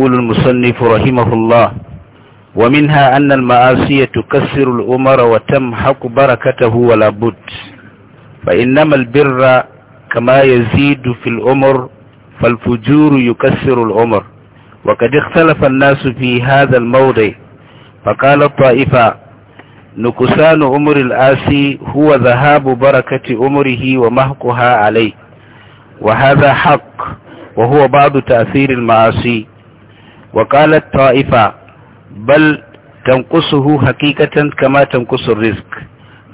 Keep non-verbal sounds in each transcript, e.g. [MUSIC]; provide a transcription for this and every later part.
يقول المصنف رحمه الله ومنها أن المعاصي تكسر الأمر وتمحق بركته ولا بد فإنما البر كما يزيد في الأمر فالفجور يكسر الأمر وقد اختلف الناس في هذا الموضع فقال الطائفة نقصان أمر الآسي هو ذهاب بركة أمره ومهقها عليه وهذا حق وهو بعض تأثير المعاصي وقالت طائفة بل تنقصه حقيقة كما تنقص الرزق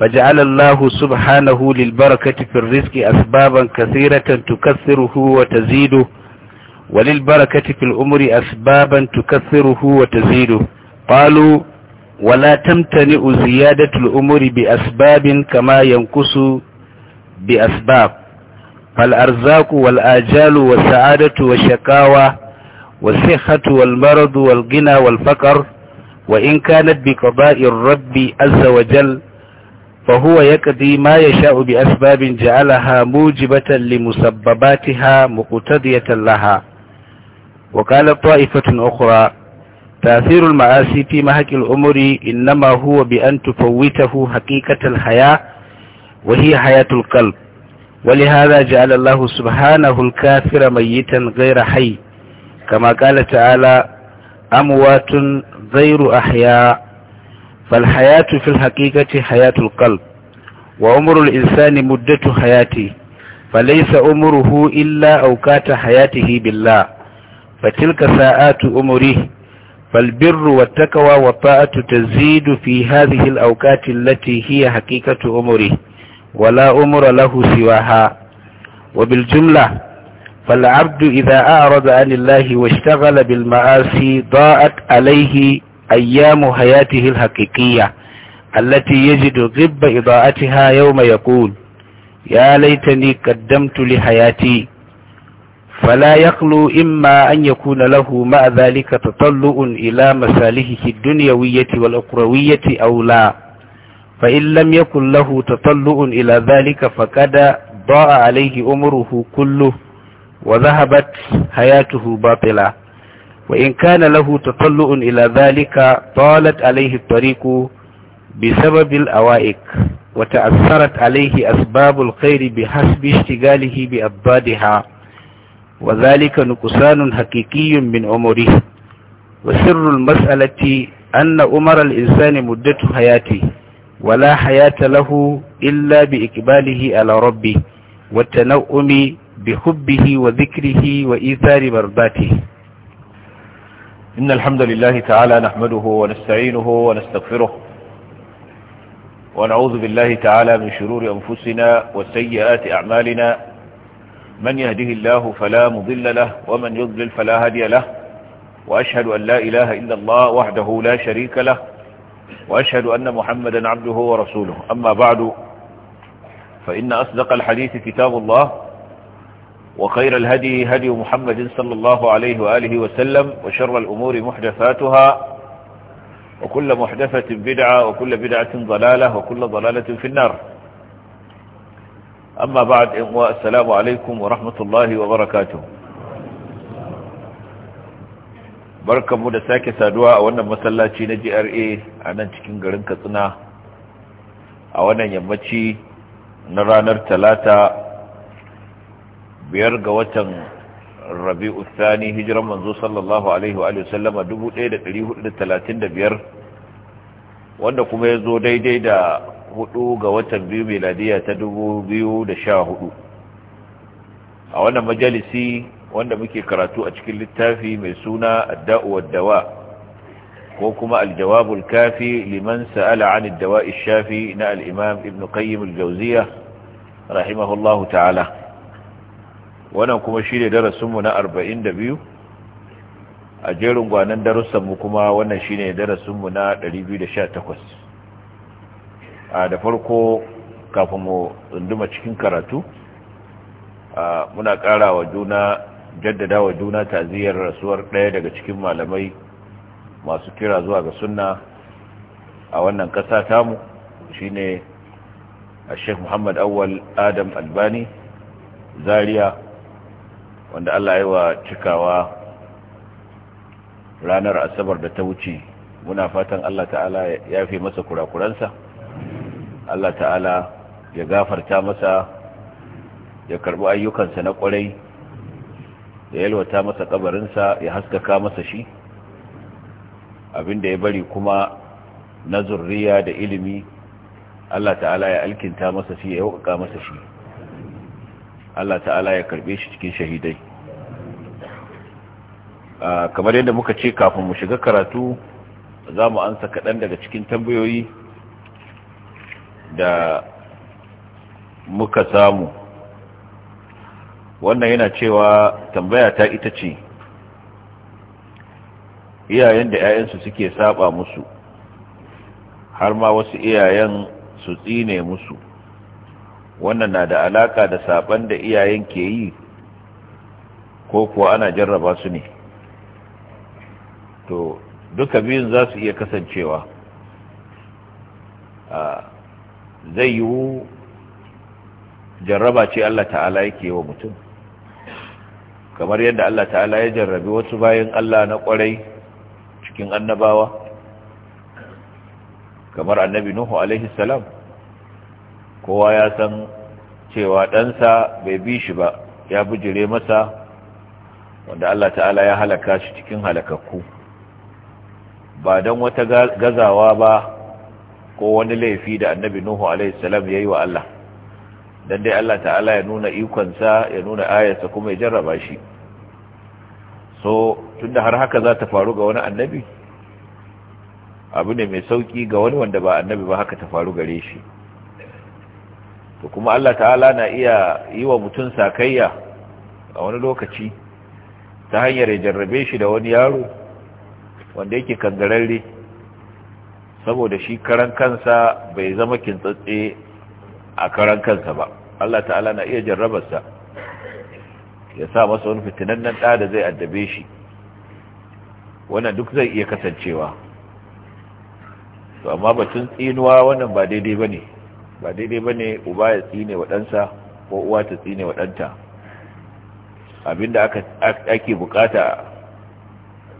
فجعل الله سبحانه للبركة في الرزق أسبابا كثيرة تكثره وتزيده وللبركة في الأمر أسبابا تكثره وتزيده قالوا ولا تمتنئ زيادة الأمور بأسباب كما ينقص بأسباب فالأرزاق والآجال والسعادة والشكاوى والصحة والمرض والغنى والفقر وإن كانت بقضاء الرب عز وجل فهو يقضي ما يشاء بأسباب جعلها موجبة لمسبباتها مقتضية لها وقال طائفة أخرى تأثير المعاصي في محك الأمر إنما هو بأن تفوته حقيقة الحياة وهي حياة القلب ولهذا جعل الله سبحانه الكافر ميتا غير حي كما قال تعالى أموات غير أحياء فالحياة في الحقيقة حياة القلب وعمر الإنسان مدة حياته فليس عمره إلا أوقات حياته بالله فتلك ساعات عمره فالبر والتقوى والطاعة تزيد في هذه الأوقات التي هي حقيقة عمره ولا عمر له سواها وبالجملة فالعبد إذا أعرض عن الله واشتغل بالمعاصي ضاءت عليه أيام حياته الحقيقية التي يجد غب إضاءتها يوم يقول يا ليتني قدمت لحياتي فلا يخلو إما أن يكون له مع ذلك تطلع إلى مصالحه الدنيوية والأخروية أو لا فإن لم يكن له تطلع إلى ذلك فقد ضاء عليه أمره كله وذهبت حياته باطلة وإن كان له تطلع إلى ذلك طالت عليه الطريق بسبب الأوائك وتأثرت عليه أسباب الخير بحسب اشتغاله بأبادها وذلك نقصان حقيقي من عمره وسر المسألة أن عمر الإنسان مدة حياته ولا حياة له إلا بإقباله على ربه والتنوم بحبه وذكره وإيثار مرضاته إن الحمد لله تعالى نحمده ونستعينه ونستغفره ونعوذ بالله تعالى من شرور أنفسنا وسيئات أعمالنا من يهده الله فلا مضل له ومن يضلل فلا هدي له وأشهد أن لا إله إلا الله وحده لا شريك له وأشهد أن محمدا عبده ورسوله أما بعد فإن أصدق الحديث كتاب الله وخير الهدي هدي محمد صلى الله عليه وآله وسلم وشر الأمور محدثاتها وكل محدثة بدعة وكل بدعة ضلالة وكل ضلالة في النار أما بعد السلام عليكم ورحمة الله وبركاته barkan mu da sake saduwa a wannan masallaci na GRA a nan cikin garin Katsina a wannan yammaci na ranar talata biyar ga watan rabi'u thani hijiran manzo sallallahu alaihi wa sallama 1435 wanda kuma ya zo daidai da hudu ga watan biyu meladiya ta 2014 a wannan majalisi wanda muke karatu a cikin littafi mai suna adda'u waddawa ko kuma aljawabul kafi liman sa'ala 'an ad shafi na al-imam ibn qayyim al-jawziyah rahimahullahu ta'ala wannan kuma shi ne mu na arba'in da biyu a jerin gwanon mu kuma wannan shi ne mu na ɗari biyu da sha a da farko kafin mu tsunduma cikin karatu a muna ƙara wa juna jaddada wa juna taziyar rasuwar ɗaya daga cikin malamai masu kira zuwa ga sunna a wannan ƙasa tamu shi ne a sheik muhammad awal adam albani zaria wanda Allah ya wa cikawa ranar asabar da ta wuce muna fatan Allah ta'ala ya fi masa kurakuransa Allah ta'ala ya gafarta masa ya karbi ayyukansa na kwarai ya yalwata masa kabarinsa ya haskaka masa shi abinda ya bari kuma na zurriya da ilimi Allah ta'ala ya alkinta masa shi ya yi masa shi Allah ta'ala ya karbe shi cikin shahidai kamar yadda muka ce kafin mu shiga karatu za mu ansa kaɗan daga cikin tambayoyi da muka samu wannan yana cewa tambaya ta ita ce iyayen da 'ya'yansu suke saba musu har ma wasu iyayen su tsine musu wannan na da alaka da saban da iyayen ke yi ko kuwa ana jarraba su ne to duka biyun za su iya kasancewa zai yiwu jarraba ce Allah ta'ala yake wa mutum kamar yadda Allah ta'ala ya jarrabi wasu bayan Allah na kwarai cikin annabawa kamar annabi Nuhu alaihi salam kowa ya san cewa ɗansa bai bi shi ba ya bijire masa wanda Allah ta'ala ya halaka shi cikin halakakku ba don wata gazawa ba ko wani laifi da annabi Nuhu alaihissalam ya yi wa Allah don dai Allah ta'ala ya nuna ikonsa ya nuna ayarsa kuma ya jarraba shi so tunda har haka za ta faru ga wani annabi abu ne mai sauki ga wani wanda ba annabi ba haka ta faru gare shi to kuma Allah ta'ala na iya yi wa mutum sakayya a wani lokaci ta hanyar ya jarrabe shi da wani yaro wanda yake kangararre saboda shi karan kansa bai zama kintsatse a karan kansa ba Allah ta'ala na iya jarrabarsa ya sa masa wani ɗa da zai addabe shi wannan duk zai iya kasancewa to amma batun tsinuwa wannan ba daidai ba ne ba daidai ba ne uba ya tsine wa ko uwa ta tsine waɗanta. ɗanta abinda ake bukata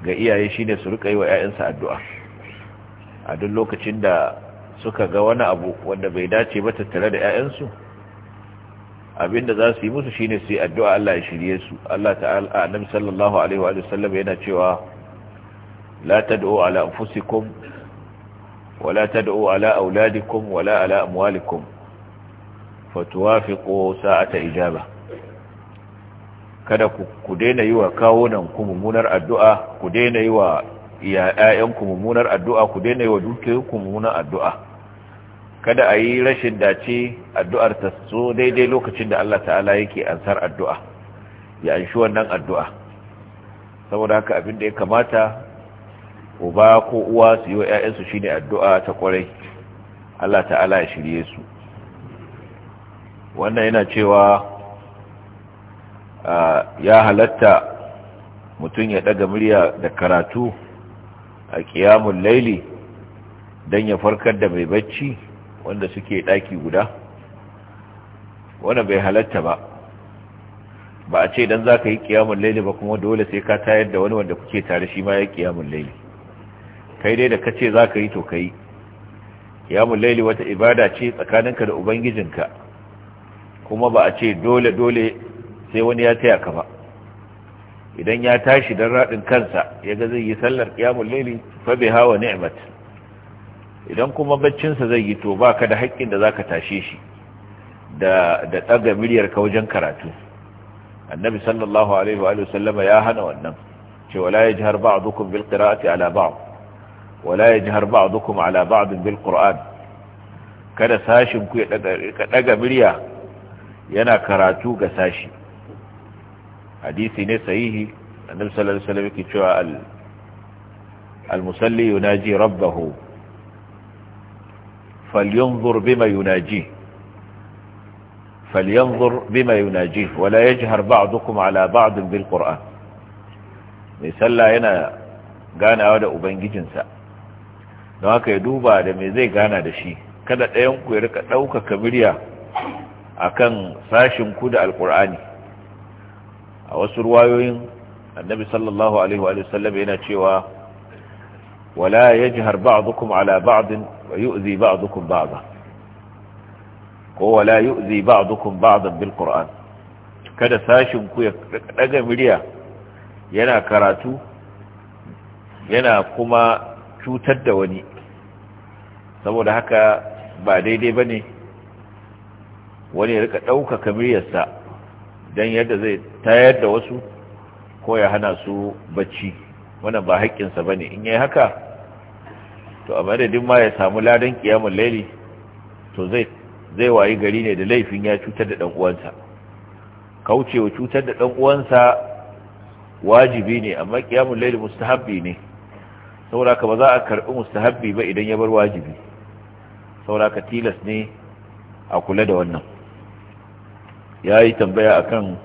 ga iyaye shine su rika yi wa 'ya'yansa addu'a a duk lokacin da suka ga wani abu wanda bai dace ba tattare da 'ya'yansu abinda za su yi musu shine su yi addu'a Allah ya shirye su Allah ta'ala annabi sallallahu alaihi wa sallam yana cewa la tad'u ala anfusikum ولا تدعوا على أولادكم ولا على أموالكم فتوافقوا ساعة إجابة kada ku daina yi wa kawunanku mummunar addu'a ku daina yi wa ‘ya'yanku mummunar addu'a ku daina yi wa dukiyoyinku mummunar addu'a kada a yi rashin dace addu'ar ta so daidai lokacin da Allah ta'ala yake ansar addu'a ya anshi wannan addu'a saboda haka abin da ya kamata uba ko uwa su yi wa 'ya'yansu shi ne addu'a ta ƙwarai. Allah ta'ala ya shirye su wannan yana cewa ya halatta mutum ya ɗaga murya da karatu a ƙiyamun laili don ya farkar da mai bacci wanda suke ɗaki guda wanda bai halatta ba ba a ce don za ka yi ƙiyamun laili ba kuma dole sai ka tayar da wani wanda kuke tare shi ma ya ƙiyamun laili kai dai da kace za ka yi to ka yi kiyamun laili wata ibada ce tsakaninka da ubangijinka kuma ba a ce dole-dole sai wani ya taya ka ba idan ya tashi don raɗin kansa ya ga zai yi sallar kiyamun laili fa bai hawa ni'mat idan kuma baccinsa zai yi to ba ka da haƙƙin da za ka tashe shi da ɗaga ka wajen karatu annabi sallallahu alaihi wa sallama ya hana wannan cewa la ya ji ba'dukum bil qira'ati ala ba'd wala yajhar ba'dukum ala ba'd bil qur'an kada sashin ku ya daga murya yana karatu ga sashi hadisi ne sahihi annabi sallallahu alaihi wasallam yake cewa al al-musalli yunaji rabbahu falyanzur bima yunaji falyanzur bima yunaji wala yajhar ba'dukum ala ba'd bil qur'an mai sallah yana ganawa da ubangijinsa don haka ya duba da me zai gana da shi kada ɗayan ku ya rika ɗaukaka murya kan sashen ku da alƙur'ani a wasu ruwayoyin annabi sallallahu alaihi wa sallam yana cewa wala yajhar ba'dukum ala ba'd wa yu'zi ba'dukum ba'dha ko wala yu'zi ba'dukum ba'dan bil qur'an kada sashin ku ya daga miliya yana karatu yana kuma cutar da wani saboda haka ba daidai ba ne wani ya rika ɗauka muryarsa don yadda zai tayar da wasu ko ya hana su bacci wannan ba haƙƙinsa ba ne in yi haka to a madadin ma ya samu ladan ƙiyamun laili to zai wayi gari ne da laifin ya cutar da kauce kaucewa cutar da uwansa wajibi ne amma ƙiyamun laili mustahabbi ne sauraka ka ba za a karɓi mustahabbi ba idan ya bar wajibi saboda ka tilas ne a kula da wannan ya yi tambaya kan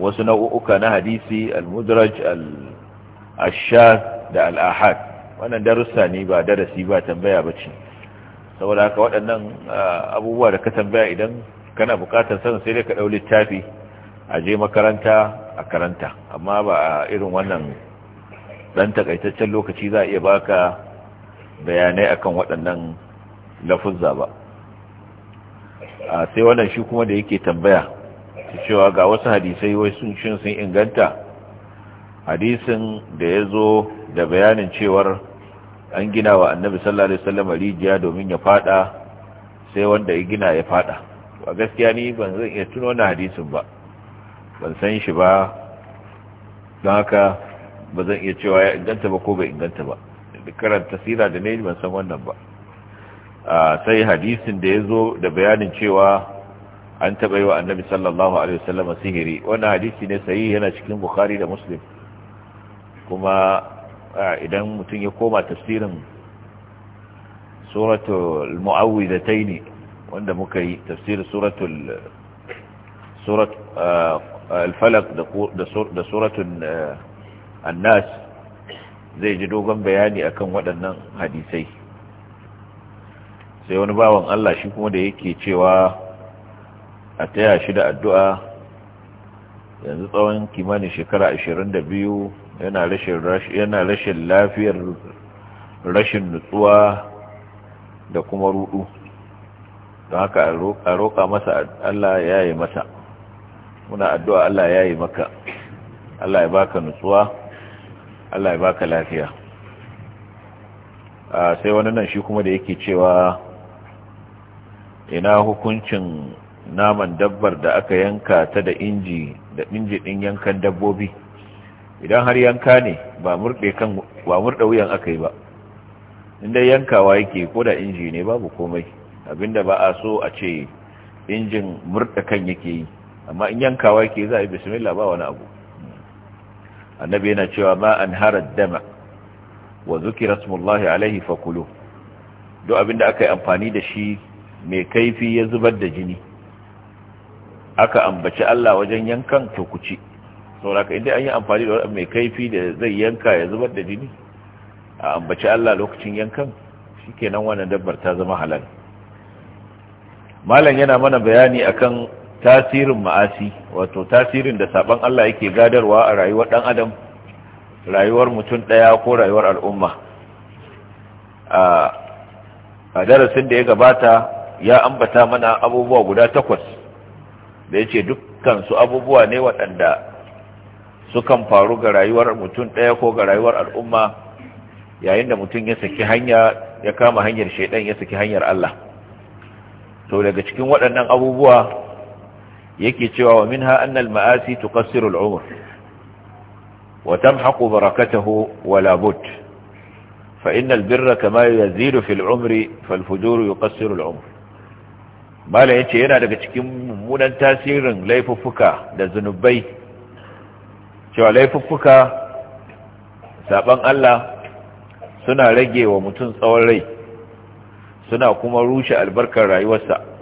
wasu nau'uka na hadisi al-mudraj al-ashar da al-ahad wannan darussa ne ba darasi ba tambaya ba ce saboda waɗannan abubuwa da ka tambaya idan kana buƙatar sanin sai dai ka ɗau littafi a je makaranta a karanta amma ba a irin wannan dan takaitaccen lokaci za a iya baka bayanai akan waɗannan lafuzza ba a sai wannan shi kuma da yake tambaya cewa ga wasu hadisai wai sun shin sun inganta hadisin da ya zo da bayanin cewar an gina wa annabi sallallahu alaihi wasallam rijiya domin ya fada sai wanda ya gina ya fada a gaskiya ni ban zan iya tuno wannan hadisin ba ban san shi ba don haka ba zan iya cewa ya inganta ba ko bai inganta ba da karanta sira da ne ban san wannan ba sai hadisin da ya zo da bayanin cewa an taɓa yi wa annabi sallallahu alaihi wasallam sihiri wannan hadisi ne sai yana cikin bukhari da muslim kuma idan mutum ya koma tafsirin suratul mu'awwidataini wanda muka yi tafsir suratul surat al-falaq da suratul annas zai ji dogon bayani akan waɗannan hadisai sai wani bawan Allah shi kuma da yake cewa a taya shi da addu'a yanzu tsawon kimanin shekara 22 yana rashin lafiyar rashin nutsuwa da kuma rudu don haka a roƙa masa Allah ya yi masa muna addu'a Allah ya yi maka Allah ya baka nutsuwa Allah ya baka lafiya a sai wani nan shi kuma da yake cewa ina hukuncin naman dabbar da aka yanka ta da inji da inji din yankan dabbobi idan har yanka ne ba murde kan ba wuyan aka yi ba inda yankawa yake ko da inji ne babu komai abinda ba a so a ce injin murda kan yake yi amma in yankawa yake za a yi bismillah ba wani abu annabi yana cewa ma an harar dama wa zuki smullahi alaihi fakulu don abinda aka yi amfani da shi mai kaifi ya zubar da jini aka ambaci Allah wajen yankan to ku ci sauraka inda an yi amfani da wani mai kaifi da zai yanka ya zubar da jini a ambaci Allah lokacin yankan shi kenan wannan dabbar ta zama halal malam yana mana bayani akan tasirin ma'asi wato tasirin da saban Allah yake gadarwa a rayuwar dan adam rayuwar mutum daya ko rayuwar al'umma a darasin da ya gabata ya ambata mana abubuwa guda takwas da yace dukkan su abubuwa ne waɗanda sukan faru ga rayuwar mutum daya ko ga rayuwar al'umma yayin da mutum ya saki hanya ya kama hanyar shaiɗan ya saki hanyar Allah to daga cikin waɗannan abubuwa yake cewa wa minha anna al-ma'asi tuqassiru al-umr wa tamhaqu barakatahu wa la bud fa inna al-birra kama yazidu fi al-umri fal-fujuru yuqassiru al-umr mala yace yana daga cikin mummunan tasirin laifuffuka da zanubai cewa laifuffuka saban Allah suna rage wa mutum tsawon rai suna kuma rushe albarkar rayuwarsa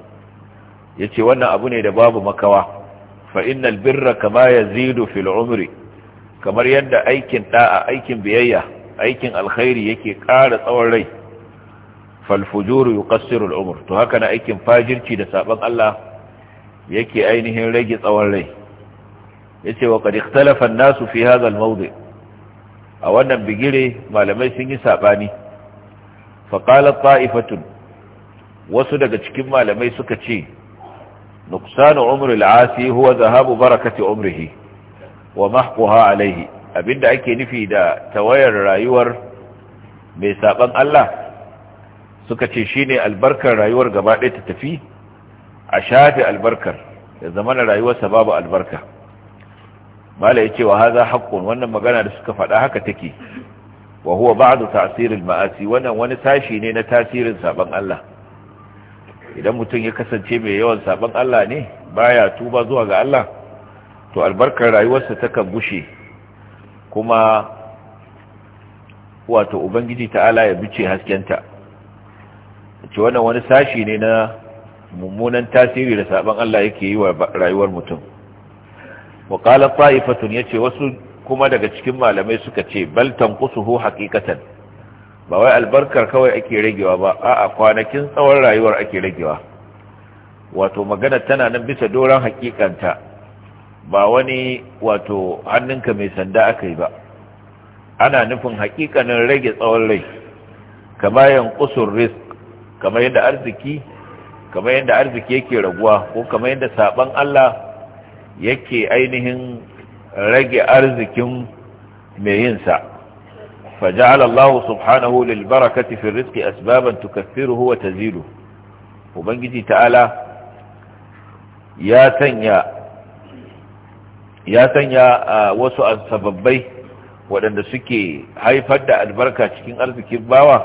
yace wannan abu ne da babu makawa fa innal birra kama yazidu fil umri kamar yadda aikin da'a aikin biyayya aikin alkhairi yake ƙara tsawon rai Falfujuru fujuru yuqassiru al umr to haka na aikin fajirci da saban Allah yake ainihin rage tsawon rai yace wa qad talafan nasu fi hadha al a wannan bigire malamai sun yi saɓani. Faƙalar qala ta'ifatun wasu daga cikin malamai suka ce nuqsanu umri al-asi huwa dhahabu barakati umrihi wa mahquha alayhi abinda ake nufi da tawayar rayuwar mai saban Allah suka ce shine albarkar rayuwar gaba ɗaya ta tafi a shafi albarkar da zamana rayuwarsa babu albarka mala yace wa hadha haqqun wannan magana da suka faɗa haka take wa huwa ba'du ta'sir al-ma'asi wannan wani sashi ne na tasirin saban Allah idan mutum ya kasance mai yawan sabon Allah ne baya tuba zuwa ga Allah to albarkar rayuwarsa ta kan gushe kuma wato ubangiji ta'ala ya bice haskenta ce wannan wani sashi ne na mummunan tasiri da sabon Allah yake yi wa rayuwar mutum wa qala ta'ifatun yace wasu kuma daga cikin malamai suka ce bal tanqusuhu haqiqatan ba wai albarkar kawai ake ragewa ba a'a kwanakin tsawon rayuwar ake ragewa wato magana tana nan bisa doron hakikanta ba wani wato hannunka mai sanda aka yi ba ana nufin hakikanin rage tsawon rai kama yin kusur risk kama yadda arziki kama yadda arziki yake raguwa ko kama yadda saban Allah yake ainihin rage arzikin mai yinsa فجعل الله سبحانه للبركة في الرزق أسبابا تكفره وتزيله وبنجي تعالى يا تنيا يا تنيا وسوء سببي waɗanda suke haifar da albarka cikin arzikin bawa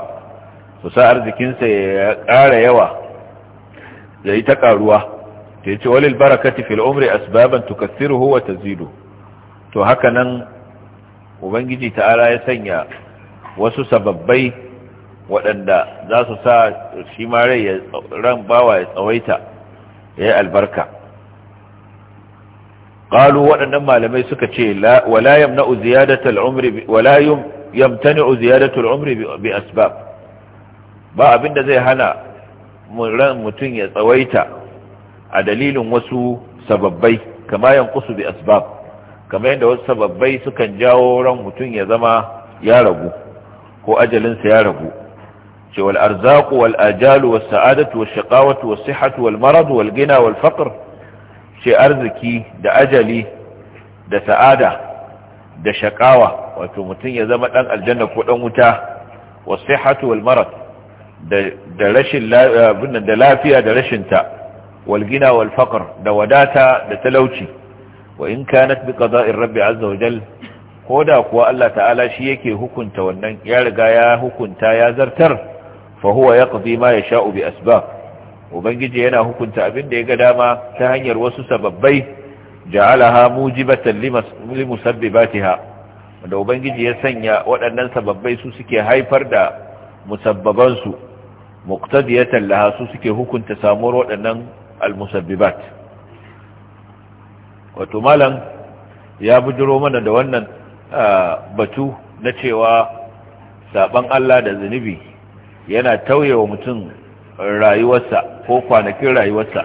su sa arzikinsa ya ƙara yawa ya yi ta ƙaruwa ta yi ce walil barakati fil umri asbaban tukassiruhu wa tazidu to haka nan ubangiji ta'ala ya sanya wasu sababbai waɗanda za su sa shi ma ran bawa ya tsawaita ya yi albarka ƙalu waɗannan malamai suka ce wala yamna'u ziyadatul umri wala umri bi asbab ba abinda zai hana ran mutum ya tsawaita a dalilin wasu sababbai kama yanqusu bi asbab kamar yadda wasu sababbai sukan jawo ran mutum ya zama ya ragu ko ajalinsa ya ragu ce wal arzaqu wal ajalu wa sa'adatu wa shaqawatu wa sihhatu wal marad wal gina wal faqr ce arziki da ajali da sa'ada da shaqawa wato mutum ya zama dan aljanna ko dan wuta wa sihhatu wal marad da rashin da lafiya da rashin ta wal gina wal faqr da wadata da talauci wa in kanat bi qada'ir rabbi azza wa jal koda kuwa Allah ta'ala shi yake hukunta wannan ya riga ya hukunta ya zartar fa huwa yaqdi ma yasha'u bi asbab ubangiji yana hukunta abin da ya ga dama ta hanyar wasu sababbai ja'alaha mujibatan limusabbibatiha da ubangiji ya sanya waɗannan sababbai su suke haifar da musabbaban su muqtadiyatan laha su suke hukunta samuwar waɗannan almusabbibat wato malam ya bujiro mana da wannan batu na cewa saban Allah da zunubi yana tauyewa mutum rayuwarsa ko kwanakin rayuwarsa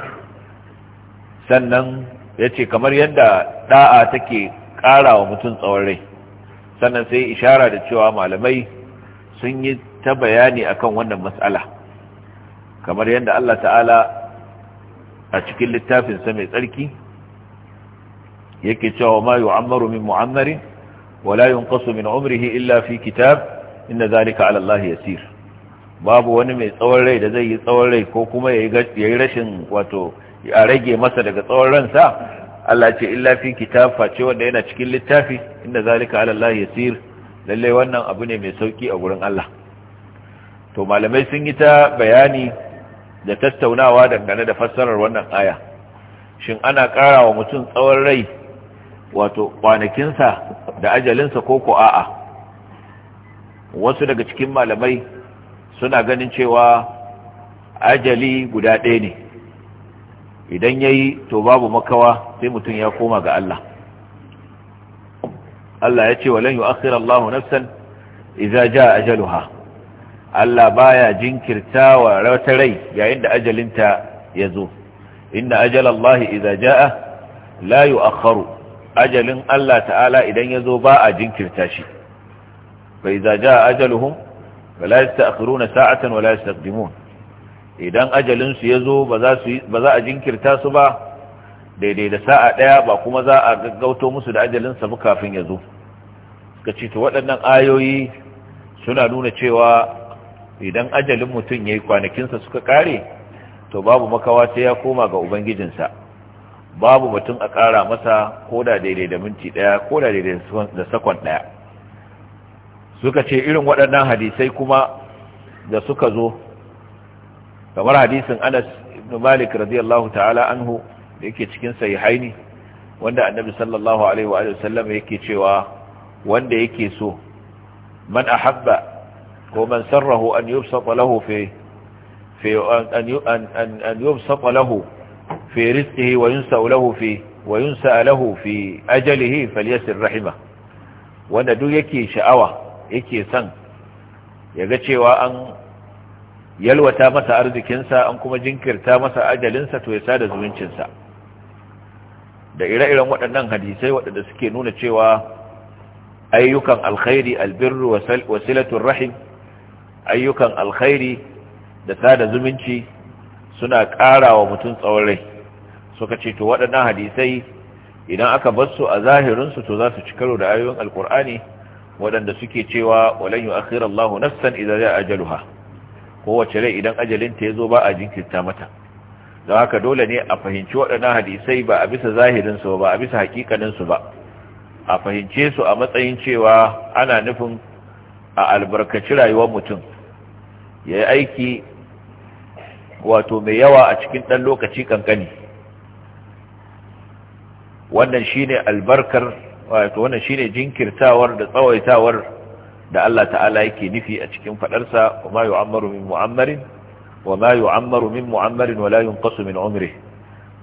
sannan ya ce kamar yadda da'a take ƙara wa mutum tsawon rai sannan sai ishara da cewa malamai sun yi ta bayani akan wannan matsala kamar yadda Allah ta'ala a cikin littafinsa mai tsarki yake cewa ma yu'ammaru min mu'ammarin wala yunqasu min umrihi illa fi kitab inda zalika ala Allah yasir babu wani mai tsawon rai da zai yi tsawon rai ko kuma yayi rashin wato a rage masa daga tsawon ransa Allah ce illa fi kitab face wanda yana cikin littafi inda zalika ala Allah yasir lallai wannan abu ne mai sauki a gurin Allah to malamai sun yi ta bayani da tattaunawa dangane da fassarar wannan aya shin ana ƙara wa mutum tsawon rai wato kwanakinsa da ajalinsa ko ko a'a wasu daga cikin malamai suna ganin cewa ajali guda ɗaya ne idan ya yi to babu makawa sai mutum ya koma ga Allah Allah ya ce wa lan yu'akhkhira Allahu nafsan idza jaa ajaluha Allah baya jinkirta wa rai yayin da ajalinta ya zo inna ajalallahi idza jaa la yu'akhkharu ajalin Allah ta'ala idan ya zo ba a jinkirta shi bai zaja a ajaluhun ba la yasta akiru na sa'atan wa la yasta idan ajalinsu ya zo ba za a jinkirta su ba daidai da sa'a ɗaya ba kuma za a gaggauto musu da ajalinsa ba kafin ya zo waɗannan ayoyi suna nuna cewa idan ajalin mutum ya yi kwanakinsa suka ƙare to babu makawa sai ya koma ga ubangijinsa babu mutum a ƙara masa ko da daidai da minti ɗaya ko da daidai da sakon ɗaya suka ce irin waɗannan hadisai kuma da suka zo kamar hadisin anas ibn malik radiyallahu ta'ala anhu da yake cikin sahihaini wanda annabi sallallahu alaihi wa sallam yake cewa wanda yake so man ahabba ko man sarrahu an yubsata lahu fi fi an an an yubsata lahu في رزقه وينسأ له في وينسأ له في فليسر رحمه wanda duk yake sha'awa yake son ya ga cewa an yalwata masa arzikinsa an kuma jinkirta masa ajalinsa to ya sada zumuncinsa da ire-iren waɗannan hadisai waɗanda suke nuna cewa ayyukan alkhairi albirru wasilatun rahim ayyukan alkhairi da sada zumunci suna ƙara wa mutum tsawon rai suka ce to waɗannan hadisai idan aka bar su a zahirinsu to za su ci karo da ayoyin alkur'ani waɗanda suke cewa walan yu'akhir Allah nafsan idza ja'a ajaluha kowace rai idan ajalinta yazo ba a jinkirta mata don haka dole ne a fahimci waɗannan hadisai ba a bisa zahirin su ba a bisa hakikanin su ba a fahimce su a matsayin cewa ana nufin a albarkaci rayuwar mutum yayi aiki wato mai yawa a cikin dan lokaci kankani wannan shine albarkar wato wannan shine jinkirtawar da tsawaitawar da Allah ta'ala yake nufi a cikin fadarsa kuma yu'ammaru min mu'ammarin wama yu'ammaru min mu'ammarin wala yunqasu min umri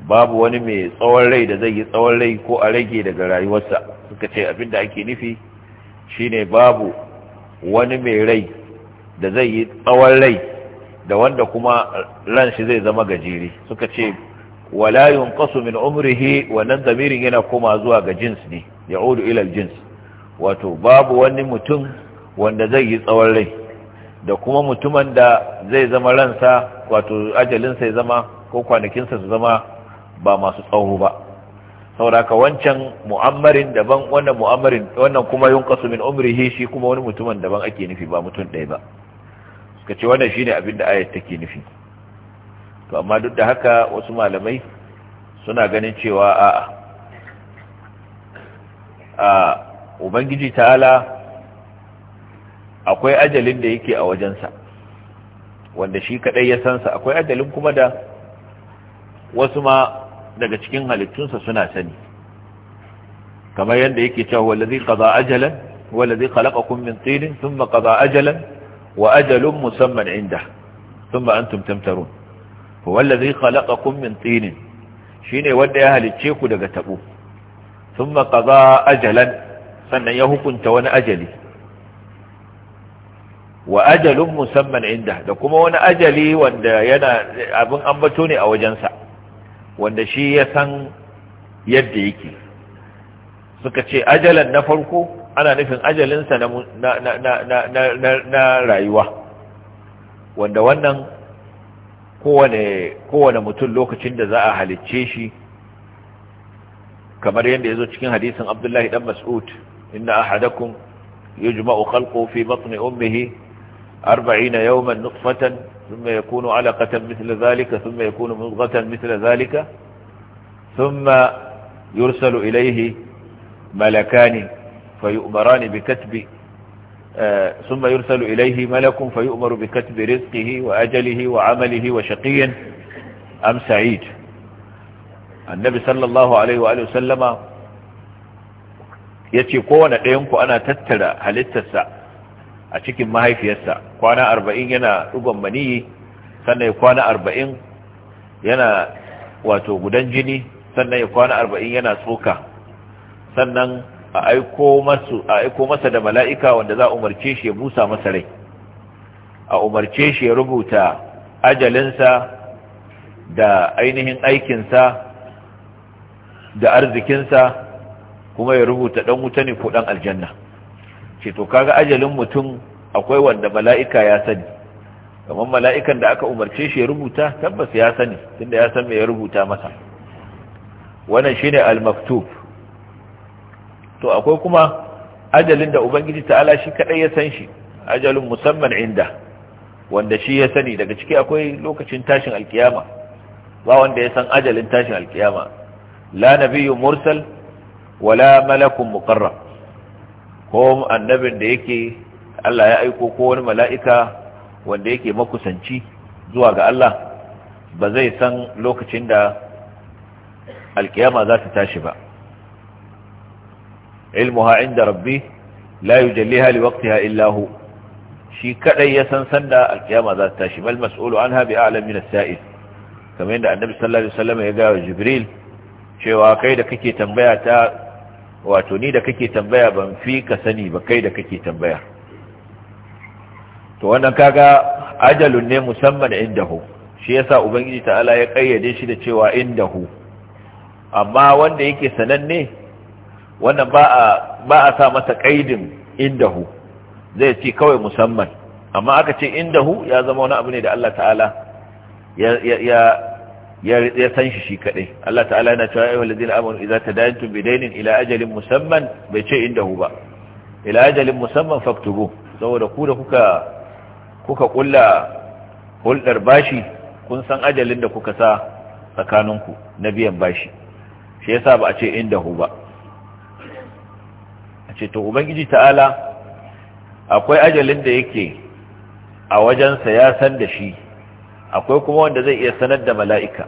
babu wani mai tsawon rai da zai yi tsawon rai ko a rage daga rayuwarsa suka ce abinda ake nufi shine babu wani mai rai da zai yi tsawon rai da wanda kuma ran shi zai zama gajere suka ce wala kasu min umrihi wannan zamirin yana koma zuwa ga jins ne ya udu ilal jins wato babu wani mutum wanda zai yi tsawon rai da kuma mutumin da zai zama ransa wato ajalinsa ya zama ko kwanakinsa su zama ba masu tsawo ba sauraka wancan mu'ammarin daban wannan mu'ammarin wannan kuma kasu min umrihi shi kuma wani mutumin daban ake nufi ba mutum ɗaya ba suka ce wannan shine abin da ayat take nufi to amma duk da haka wasu malamai suna ganin cewa a'a a ubangiji ta'ala akwai ajalin da yake a wajensa wanda shi kadai ya sansa akwai ajalin kuma da wasu ma daga cikin halittunsa suna sani kamar yadda yake cewa wallazi qada ajalan wallazi khalaqakum min tin thumma qada ajalan wa ajalun musamman inda thumma antum tamtarun huwa zai khalaqakum min shi shine wanda ya halicce ku daga taɓo. thumma qada ajalan sannan ya hukunta wani ajali wa ajalin musamman inda da kuma wani ajali wanda yana abin ambato ne a wajensa wanda shi ya san yadda yake suka ce ajalan na farko ana nufin ajalinsa na rayuwa wanda wannan kowane mutum lokacin da za a halicce shi kamar yadda ya zo cikin hadisin abdullahi dan mas'ud inna ahadakum yujma'u khalqu fi batni ummihi 40 yawman nutfatan thumma yakunu 'alaqatan mithla dhalika thumma yakunu mudghatan mithla dhalika thumma yursalu ilayhi malakani fayu'marani bi katbi ثم يرسل إليه ملك فيؤمر بكتب رزقه وأجله وعمله وشقي أم سعيد النبي صلى الله عليه وآله وسلم yace kowane ɗayanku ana tattara halittarsa a cikin mahaifiyarsa kwana arba'in yana ɗugon maniyi sannan kwana arba'in yana wato gudan jini sannan kwana arba'in yana tsoka sannan a aiko masa da mala'ika wanda za a umarce shi ya busa masa rai a umarce shi ya rubuta ajalinsa da ainihin aikinsa da arzikinsa kuma ya rubuta ɗan wuta ne ko ɗan aljanna ce to kaga ajalin mutum akwai wanda mala'ika ya sani kamar mala'ikan da aka umarce shi ya rubuta tabbas ya sani tunda ya san me ya rubuta masa wannan shine al-maktub to akwai kuma ajalin da ubangiji ta'ala shi kadai ya san shi ajalin musamman inda wanda shi ya sani daga ciki akwai lokacin tashin alkiyama ba wanda ya san ajalin tashin alkiyama la nabiyyu mursal wala malakun muqarrab ko annabin da yake Allah ya aiko ko wani mala'ika wanda yake makusanci zuwa ga Allah ba zai san lokacin da alkiyama za ta tashi ba Ilmu ilmuha da rabbi la yujalliha liwaqtiha illa hu shi kaɗai ya san sanda alkiyama za ta tashi bal mas'ulu anha bi a'lam min as yadda annabi sallallahu alaihi wasallam ya ga wa jibril cewa kai da kake tambaya ta wato ni da kake tambaya ban fi ka sani ba kai da kake tambaya to wannan kaga ajalun ne musamman indahu shi yasa ubangiji ta'ala ya kayyade shi da cewa indahu amma wanda yake sananne wannan ba a sa masa kaidin indahu zai ce kawai musamman amma aka ce indahu ya zama wani abu ne da Allah ta'ala ya ya san shi shi kadai Allah ta'ala yana cewa ayyuhal ladina amanu ta tadayantum bidaynin ila ajalin musamman bai ce indahu ba ila ajalin musamman faktubu saboda ku da kuka kuka kulla hulɗar bashi kun san ajalin da kuka sa tsakaninku na biyan bashi shi yasa ba a ce indahu ba ce to ubangiji ta'ala akwai ajalin da yake a wajensa ya san da shi akwai kuma wanda zai iya sanar da mala'ika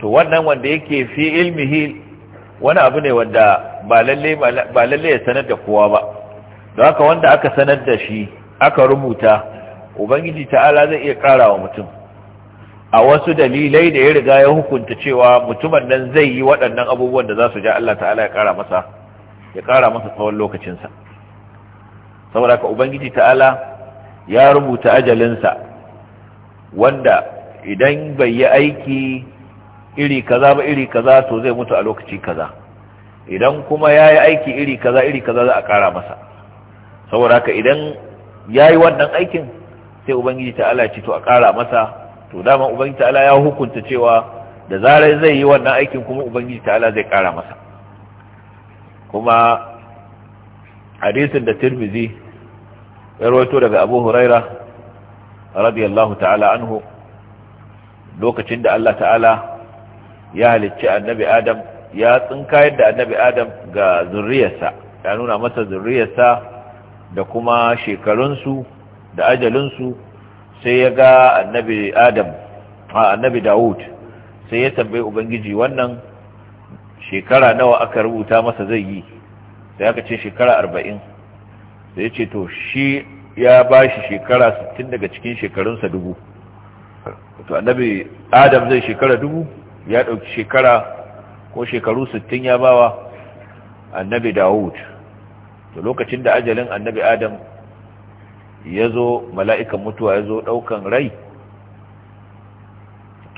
to wannan wanda yake fi ilmihi wani abu ne wanda ba lalle ya sanar da kowa ba da haka wanda aka sanar da shi aka rubuta ubangiji ta'ala zai iya kara wa mutum a wasu dalilai da ya riga ya hukunta cewa mutumin nan zai yi waɗannan abubuwan da za su ja Allah ta'ala ya kara masa ya ƙara masa tsawon lokacinsa saboda ka ubangiji ta'ala ya rubuta ajalinsa wanda idan bai yi aiki iri kaza ba iri kaza to zai mutu a lokaci kaza idan kuma ya yi aiki iri kaza iri kaza za a ƙara masa saboda ka idan ya yi wannan aikin sai ubangiji ta'ala ya ce to a ƙara masa to dama ubangiji ta'ala ya hukunta cewa da zarar zai yi wannan aikin kuma ubangiji ta'ala zai ƙara masa kuma hadisin da tirmizi ya rawaito daga abu huraira radiyallahu ta'ala anhu lokacin da Allah ta'ala ya halicci annabi adam ya tsinkayar da annabi adam ga zurriyarsa ya nuna masa zurriyarsa da kuma shekarunsu da ajalinsu sai ya ga annabi adam a annabi dawud sai ya tambayi ubangiji wannan shekara nawa aka rubuta masa zai yi sai aka ce shekara arba'in sai ya ce to shi ya ba shi shekara sittin daga cikin shekarunsa dubu to annabi adam zai shekara dubu ya ɗauki shekara ko shekaru sittin ya bawa annabi dawud to lokacin da ajalin annabi adam ya zo mala'ikan mutuwa ya zo ɗaukan rai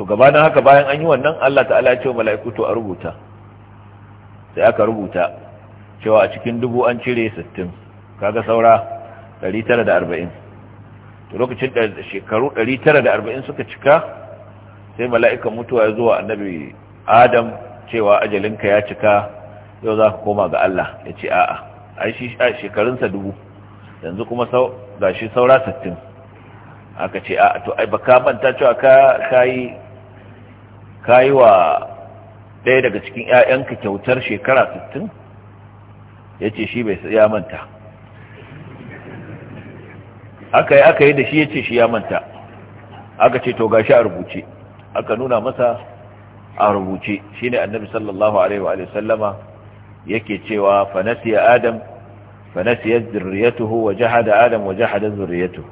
to gabanin haka bayan an yi wannan allah ta'ala ya ce wa mala'iku to a rubuta sai aka rubuta cewa a cikin dubu an cire 60 kaga saura 940 to lokacin da shekaru 940 suka cika sai mala'ikan mutuwa ya zuwa annabi adam cewa ajalinka ya cika yau za ka koma ga Allah ya ce a'a ai shi shekarunsa dubu yanzu kuma ga shi saura 60 aka ce a'a to ai baka manta cewa ka kai kayi wa ɗaya daga cikin 'ya'yanka kyautar shekara sittin? ya ce shi bai ya manta aka yi aka yi da shi ya ce shi ya manta aka ce to gashi a rubuce aka nuna masa a rubuce shi ne annabi sallallahu alaihi wa sallama yake cewa fanasiya adam fanasiya zurriyatuhu wa jahada adam wa jahada zurriyatuhu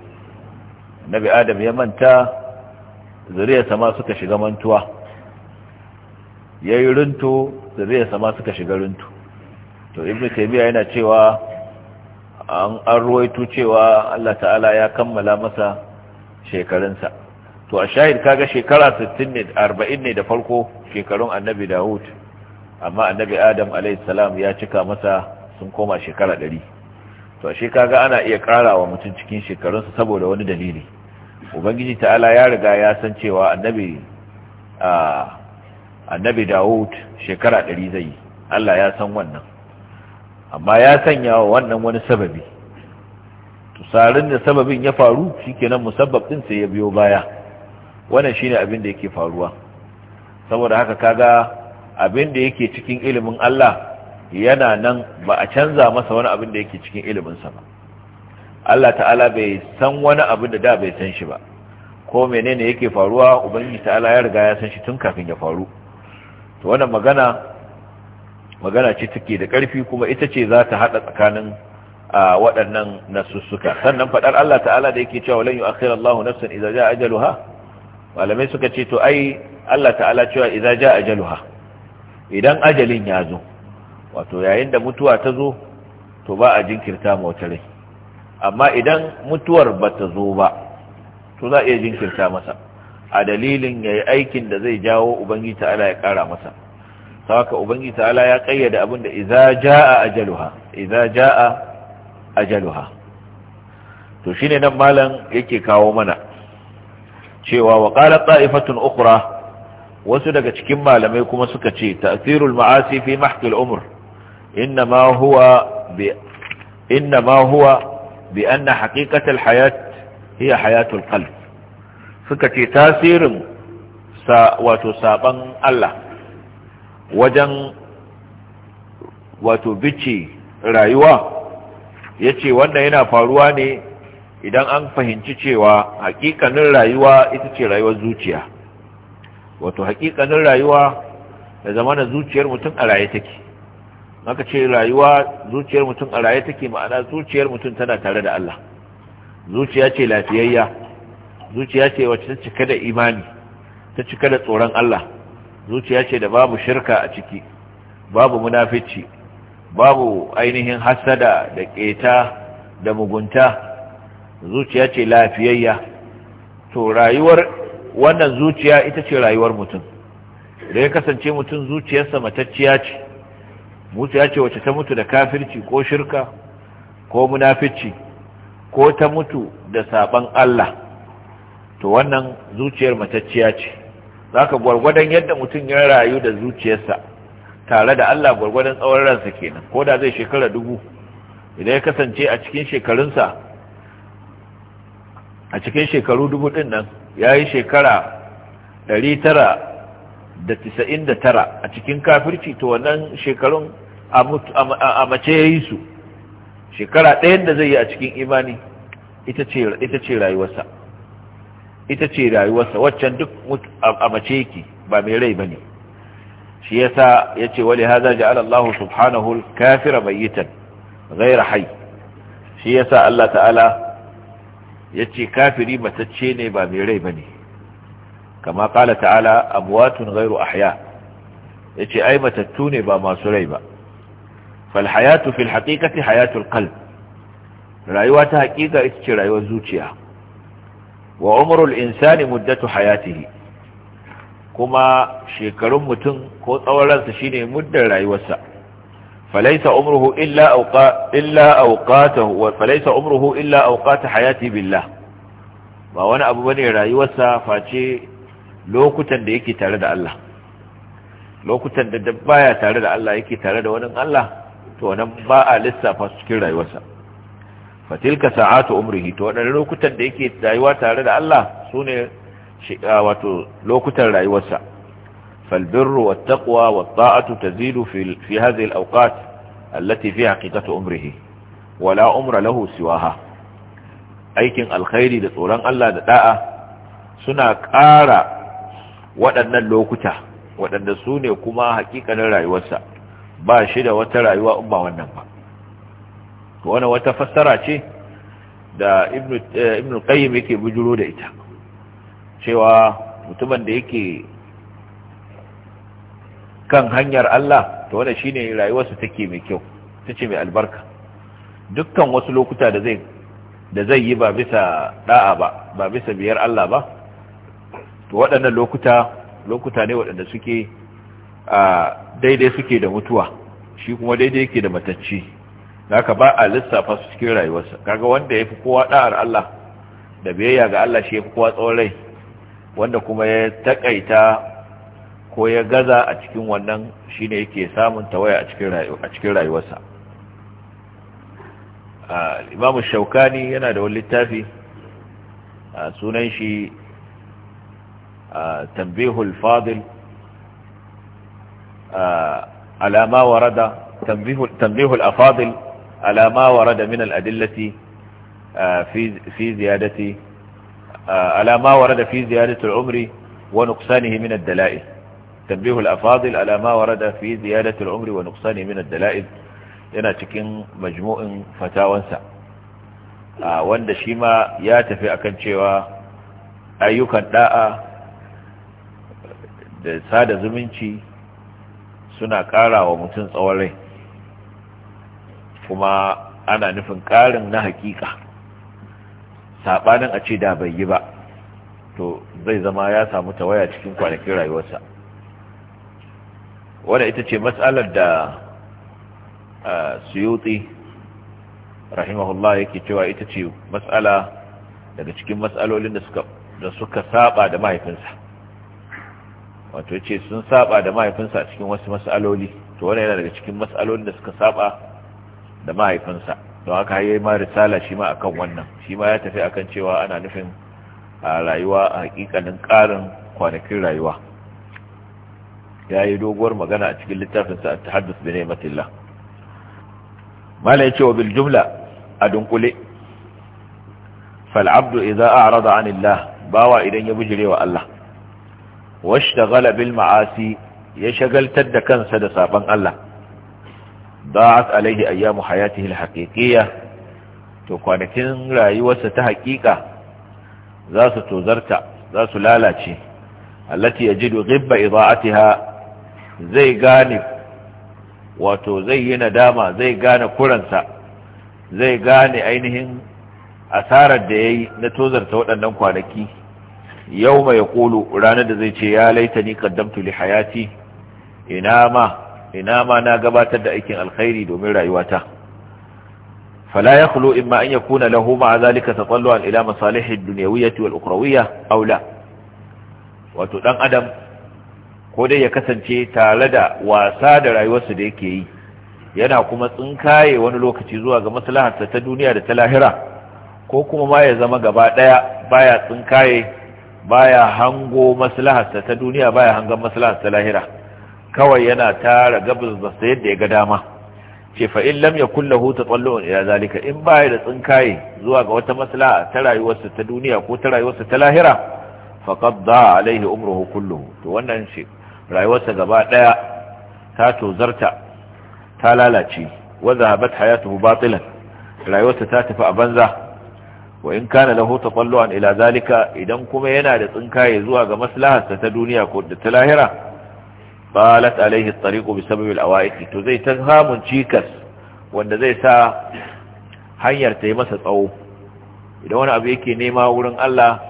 annabi adam ya manta zuriyarsa ma suka shiga mantuwa ya yi runto da zai sama suka shiga runto to ibn taimiyya yana cewa an arwaitu cewa Allah ta'ala ya kammala masa shekarunsa to a shahid kaga shekara 60 ne 40 ne da farko shekarun annabi Dawud amma annabi Adam alayhi salam ya cika masa sun koma shekara 100 to a shekaga ana iya karawa mutum cikin shekarunsa saboda wani dalili ubangiji ta'ala ya riga ya san cewa annabi a annabi Dawud shekara ɗari zai yi Allah ya san wannan amma ya sanya wa wannan wani sababi tusarin da sababin ya faru shikenan musabbab din sai ya biyo baya wannan shine abin da yake faruwa saboda haka kaga abin da yake cikin ilimin Allah yana nan ba a canza masa wani abin da yake cikin iliminsa ba Allah ta'ala bai san wani abin da da bai san shi ba ko menene yake faruwa ubangiji ta'ala ya riga ya san shi tun kafin ya faru to wannan magana magana ce take da ƙarfi kuma ita ce za ta haɗa tsakanin a waɗannan nasussuka sannan faɗar Allah ta'ala da yake cewa lan yu'akhkhir Allahu nafsan idza jaa ajaluha malamai suka ce to ai Allah ta'ala cewa idza jaa ajaluha idan ajalin ya zo wato yayin da mutuwa ta zo to ba a jinkirta ma wata rai amma idan mutuwar ba ta zo ba to za a iya jinkirta masa a dalilin ya yi aikin da zai jawo ubangi ta'ala ya ƙara masa saka ubangi ta'ala ya ƙayyada abin da iza ja'a ajaluha iza ja'a ajaluha to shine nan malam yake kawo mana cewa wa qalat ta'ifatun ukhra wasu daga cikin malamai kuma suka ce ta'thirul ma'asi fi mahkil umr inna ma huwa bi anna haqiqatal hayat hiya hayatul qalb suka ce tasirin wato saban Allah wajen wato bice rayuwa ya ce wannan yana faruwa ne idan an fahimci cewa hakikanin rayuwa ita ce rayuwar zuciya wato hakikanin rayuwa da zamana zuciyar mutum a raye take maka ce rayuwa zuciyar mutum a raye take ma'ana zuciyar mutum tana tare da Allah zuciya ce lafiyayya zuciya ce wacce ta cika da imani ta cika da tsoron Allah zuciya ce da babu shirka a ciki babu munafici babu ainihin hasada da keta da mugunta zuciya ce lafiyayya to rayuwar wannan zuciya ita ce rayuwar mutum da ya kasance mutum zuciyarsa matacciya ce zuciya ce wacce ta mutu da kafirci ko shirka ko munafici ko ta mutu da saban Allah to wannan zuciyar matacciya ce za ka gwargwadon yadda mutum ya rayu da zuciyarsa tare da Allah gwargwadon tsawon ransa kenan ko da zai shekara dubu idan ya kasance a cikin shekarunsa a cikin shekaru dubu din nan ya yi shekara tara a cikin kafirci to wannan shekarun a mace ya yi su shekara ɗayan da zai yi a cikin imani ita ce rayuwarsa ita ce rayuwarsa waccan duk a mace yake ba mai rai ne. shi ya yasa yace wali hadha ja'ala Allah subhanahu al-kafira mayitan ghayra hayy shi ya sa Allah ta'ala ce kafiri matacce ne ba mai rai bane kama Kala ta'ala amwatun ghayru ahya ce ai matattu ne ba masu rai ba fal hayatu fil haqiqati hayatul qalb rayuwa ta haqiqa ita ce rayuwar zuciya wa umrul insani muddatu hayatihi kuma shekarun mutum ko tsawon ransa shine muddar rayuwarsa Falaisa umruhu illa awqa illa awqatahu wa falaysa umruhu illa awqat hayati billah ba wani abu bane rayuwarsa face lokutan da yake tare da Allah lokutan da baya tare da Allah yake tare da wannan Allah to nan ba a lissafa cikin rayuwarsa fatilka sa'atu umrihi ta wadannan lokutan da yake rayuwa tare da Allah sune wato lokutan rayuwarsa falbirru wattaqwa watta'atu tazidu fi fi hadhihi alawqat allati fiha qitatu umrihi wala umra lahu siwaha aikin alkhairi da tsoron Allah da da'a suna ƙara waɗannan lokuta waɗanda su ne kuma hakikanin rayuwarsa ba shi da wata rayuwa in ba wannan ba wani wata fassara ce da eh, ibn qayyim yake bujuro da ita cewa mutumin da yake kan hanyar Allah to wanda shine rayuwarsa take mai kyau tace mai albarka dukkan wasu lokuta da zai da zai yi ba bisa da'a ba ba bisa biyar Allah ba to waɗannan lokuta lokuta ne waɗanda suke a daidai suke da mutuwa shi kuma daidai yake da matacci zaka ba a lissafa su cikin rayuwarsa kaga wanda ya fi kowa da'ar Allah da biyayya ga Allah shi ya fi kowa tsorai, wanda kuma ya taƙaita ko ya gaza a cikin wannan shine yake samun tawaya a cikin rayuwarsa imam shaukani yana da wani littafi sunan shi tambihul fadil alama warada tambihul afadil على ما ورد من الأدلة في في زيادة على ما ورد في زيادة العمر ونقصانه من الدلائل تنبيه الأفاضل على ما ورد في زيادة العمر ونقصانه من الدلائل yana cikin majmu'in fatawansa wanda shi ma ya tafi akan cewa ayyukan da'a da sada zumunci suna ƙara wa mutum tsawon rai kuma ana nufin ƙarin na hakika saɓanin a ce da bai yi ba to zai zama ya samu tawaya cikin kwanakin rayuwarsa wadda ita ce matsalar da suyuti rahimahullah yake cewa ita ce matsala daga cikin matsalolin da suka saba da mahaifinsa wato ce sun saba da mahaifinsa cikin wasu matsaloli to wani yana daga cikin matsalolin da suka saba da mahaifinsa don haka yi ma risala shi ma kan wannan shi ma ya tafi akan cewa ana nufin a rayuwa a hakikanin karin kwanakin rayuwa yayi doguwar magana a cikin littafinsa, sa at-tahaddus bi ni'matillah mala yace wa bil jumla dunkule fal abdu a a'rada 'anillah bawa idan ya wa Allah da galabin ma'asi ya shagaltar da kansa da saban Allah da'at alaihi ayyamu hayatihi alhaqiqiyya to kwanakin rayuwarsa ta haƙiƙa za su tozarta za su lalace allati yajidu ghibba ida'atiha zai gane wato zai yi nadama zai gane kuransa zai gane ainihin asarar da yayi na tozarta waɗannan kwanaki yau mai kulu ranar da zai ce ya laita ni kaddamtu li hayati ina ma ina ma na gabatar da aikin alkhairi domin rayuwata fala yakhlu imma an yakuna lahu ma zalika tatallu'an ila masalihi ad-dunyawiyyah wal ukhrawiyyah aw la wato dan adam ko dai ya kasance tare da wasa da rayuwarsa da yake yi yana kuma tsinkaye wani lokaci zuwa ga maslaharsa ta duniya da ta lahira ko kuma ma ya zama gaba daya baya tsinkaye baya hango maslaharsa ta duniya baya hangan maslaharsa ta lahira kawai yana tara gabas da sayar da ya ga dama ce fa in lam yakul lahu tatallun ila zalika in baya da tsinkaye zuwa ga wata maslaha ta rayuwarsa ta duniya ko ta rayuwarsa ta lahira faqad da alaihi umruhu kulluhu to wannan shi rayuwarsa gaba daya ta tozarta ta lalace wa zahabat hayatuhu batilan rayuwarsa ta tafi a banza wa in kana lahu tatallun ila zalika idan kuma yana da tsinkaye zuwa ga maslaharsa ta duniya ko ta lahira balat alaihi tariqu bi sababi to zai ta samun cikas wanda zai sa hanyar ta yi masa tsawo idan wani abu yake nema wurin Allah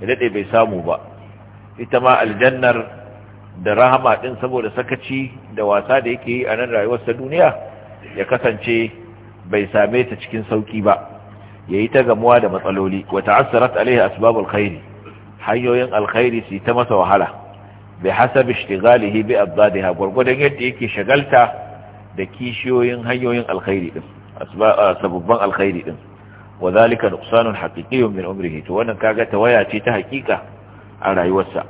ya dade bai samu ba ita ma aljannar da rahama din saboda sakaci da wasa da yake yi a nan rayuwar duniya ya kasance bai same ta cikin sauki ba yayi ta gamuwa da matsaloli wata ta'assarat alaihi asbabul khairi hanyoyin alkhairi su ta masa wahala bi hasab ishtighalihi bi abdadiha gurgudan yadda yake shagalta da kishiyoyin hanyoyin alkhairi din sababban alkhairi din wa zalika nuqsanun haqiqiyyun min umrihi to wannan kaga tawaya ce ta hakika a rayuwarsa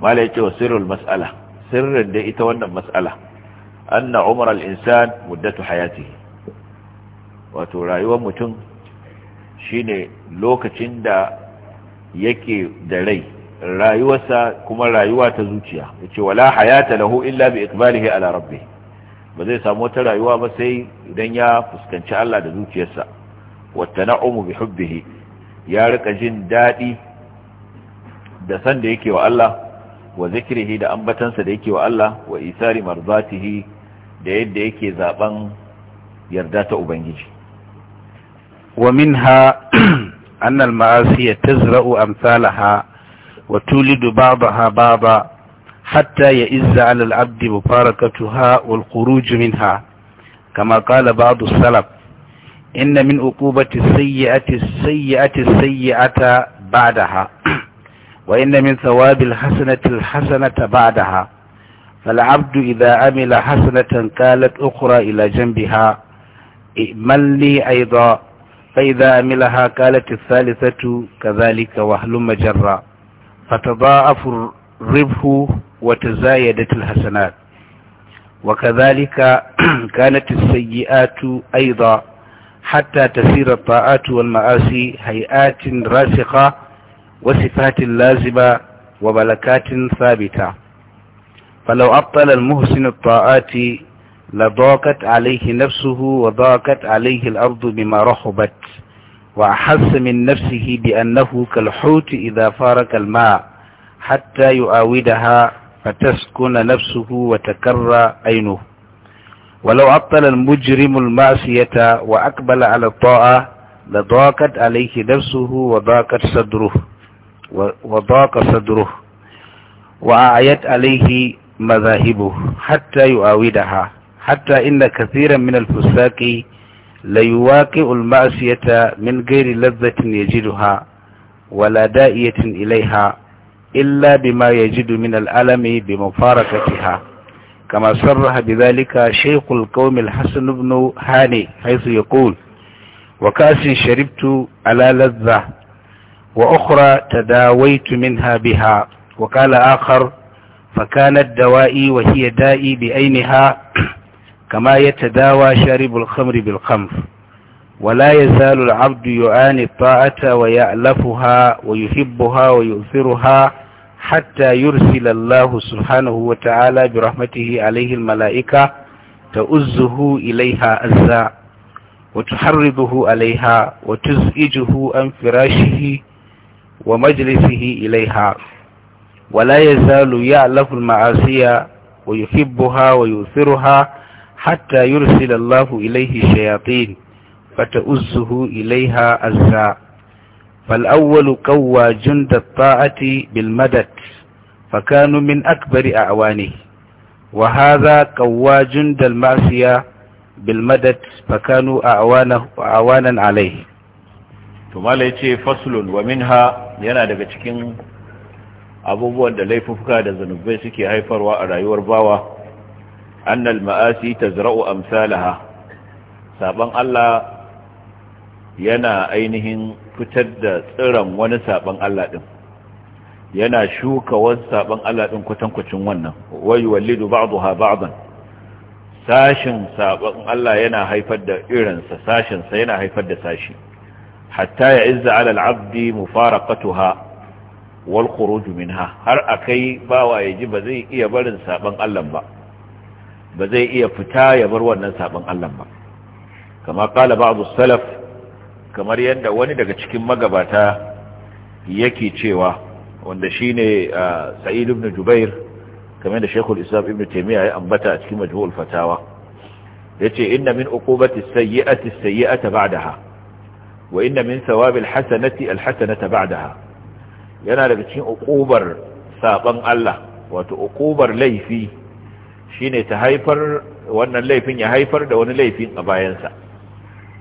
mala ce wa sirrul mas'ala sirrin da ita wannan mas'ala anna umar al-insan muddatu hayatihi wato rayuwar mutum shine lokacin da yake da rai rayuwarsa kuma rayuwa ta zuciya yace wala hayata lahu illa bi iqbalihi ala rabbih ba zai samu wata rayuwa ba sai idan ya fuskanci Allah da zuciyarsa wa tana'umu bi hubbihi ya rika jin dadi da san da yake wa Allah wa zikrihi da ambatansa da yake wa Allah wa isari marzatihi da yadda yake zaben yarda ta ubangiji wa minha [CLEARS THROAT] anna al-ma'asiya tazra'u amsalaha وتولد بعضها بعضا حتى يئز على العبد مباركتها والخروج منها كما قال بعض السلف إن من عقوبة السيئة السيئة السيئة بعدها وإن من ثواب الحسنة الحسنة بعدها فالعبد إذا عمل حسنة قالت أخرى إلى جنبها ائمل لي أيضا فإذا عملها قالت الثالثة كذلك وهلم جرا فتضاعف الربح وتزايدت الحسنات وكذلك [CLEARS THROAT] كانت السيئات أيضا حتى تسير الطاعات والمعاصي هيئات راسخة وصفات لازمة وملكات ثابتة فلو أبطل المحسن الطاعات لضاقت عليه نفسه وضاقت عليه الأرض بما رحبت وأحس من نفسه بأنه كالحوت إذا فارق الماء حتى يؤاودها فتسكن نفسه وتكرى عينه ولو عطل المجرم المعصية وأقبل على الطاعة لضاقت عليه نفسه وضاقت صدره وضاق صدره وأعيت عليه مذاهبه حتى يؤاودها حتى إن كثيرا من الفساق ليواقع المعصية من غير لذة يجدها ولا داعية إليها إلا بما يجد من الألم بمفارقتها كما صرح بذلك شيخ القوم الحسن بن هاني حيث يقول وكأس شربت على لذة وأخرى تداويت منها بها وقال آخر فكانت دوائي وهي دائي بعينها كما يتداوى شارب الخمر بالخمر ولا يزال العبد يعاني الطاعة ويألفها ويحبها ويؤثرها حتى يرسل الله سبحانه وتعالى برحمته عليه الملائكة تؤزه إليها أزا وتحرضه عليها وتزئجه عن فراشه ومجلسه إليها ولا يزال يألف المعاصي ويحبها ويؤثرها hatta yursilallahu ilaihi shayatin فتؤزه إليها أزاء فالأول قوى جند الطاعة بالمدد فكانوا من أكبر أعوانه وهذا قوى جند المعصية بالمدد فكانوا أعوانه أعوانا عليه ثم ليتي فصل ومنها yana daga cikin abubuwan da laifuffuka da zunubai suke haifarwa a rayuwar bawa annal ma'asi tazra'u amsalaha saban Allah yana ainihin fitar da tsiran wani saban Allah din yana shuka wani saban Allah din kwatankwacin wannan wai wallidu ba'daha ba'dan sashin saban Allah yana haifar da irinsa sashin sa yana haifar da sashi hatta ya izza 'ala al-'abdi mufaraqatuha wal khuruj minha har akai bawa yaji ba zai iya barin saban Allah ba ba zai iya fita ya bar wannan sabon Allah ba kama kala ba'du salaf kamar yadda wani daga cikin magabata yake cewa wanda shine Sa'id ibn Jubair kamar da Sheikhul Islam ibn Taymiyyah ya ambata a cikin Majmu'ul Fatawa Ya ce min uqubati as-sayyi'ati as-sayyi'ata wa ina min thawabi al-hasanati al-hasanata yana daga cikin ukubar saban Allah wato ukubar laifi Shi ne ta haifar wannan laifin ya haifar da wani laifin a bayansa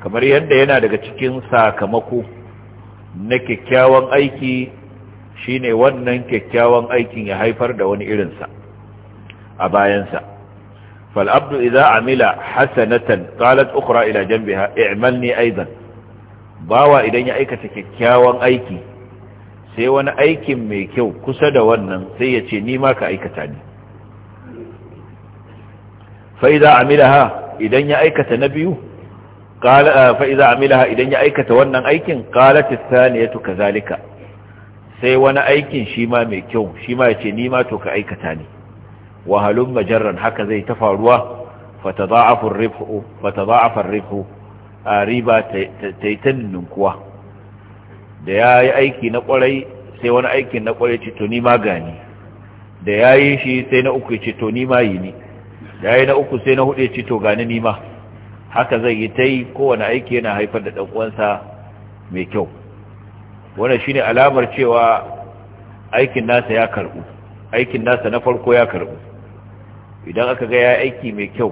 kamar yadda yana daga cikin sakamako na kyakkyawan aiki shi ne wannan kyakkyawan aikin ya haifar da wani irinsa a bayansa فالعبد إذا عمل حسنة قالت أخرى إلى جنبها اعملني أيضا باوا إذن يأيك تككاوا أيكي سيوان أيكي ميكيو ni ma ka aikata ni. fa'iza amilaha idan ya aikata na biyu fa'iza amilaha idan ya aikata wannan aikin ƙalatis saniyatu kazalika sai wani aikin shi ma mai kyau shi ma ya ce ni ma to ka aikata ne wahalun majarran haka zai ta faruwa fata za'afar rifu a riba ta yi tannin kuwa da ya yi aiki na kwarai sai wani aikin na kwarai ce to ni ma gani da ya yi shi sai na uku ce to ni ma yi ni ya yi na uku sai na hudu ya ce to gani nima haka zai yi ta yi kowane aiki yana haifar da ɗan uwansa mai kyau wannan shine alamar cewa aikin nasa ya karɓu aikin nasa na farko ya karɓu idan aka ga ya aiki mai kyau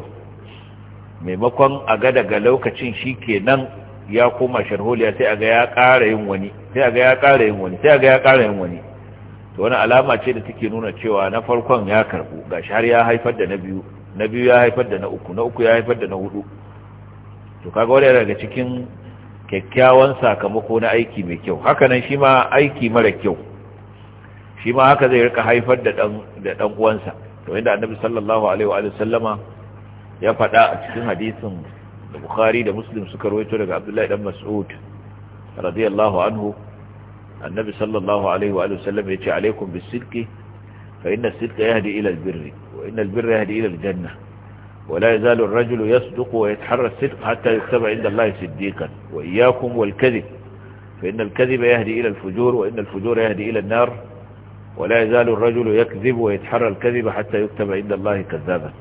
maimakon a ga daga lokacin shi ke nan ya koma sharholiya sai a ga ya ƙara yin wani sai a ga ya ƙara yin wani sai a ga ya ƙara yin wani to wani alama ce da take nuna cewa na farkon ya karbu gashi har ya haifar da na biyu na biyu ya haifar da na uku na uku ya haifar da na hudu to kaga wani daga cikin kyakkyawan sakamako na aiki mai kyau hakanan shi ma aiki mara kyau shi ma haka zai rika haifar da dan uwansa to inda annabi sallallahu alaihi wa sallama ya faɗa a cikin hadisin da bukhari da muslim suka rawaito daga abdullahi dan mas'ud radiyallahu anhu annabi sallallahu alaihi wa sallam ya ce alaikum bis-sidqi fa inna as-sidqa yahdi ila al-birri وإن البر يهدي إلى الجنة ولا يزال الرجل يصدق ويتحرى الصدق حتى يكتب عند الله صديقا وإياكم والكذب فإن الكذب يهدي إلى الفجور وإن الفجور يهدي إلى النار ولا يزال الرجل يكذب ويتحرى الكذب حتى يكتب عند الله كذابا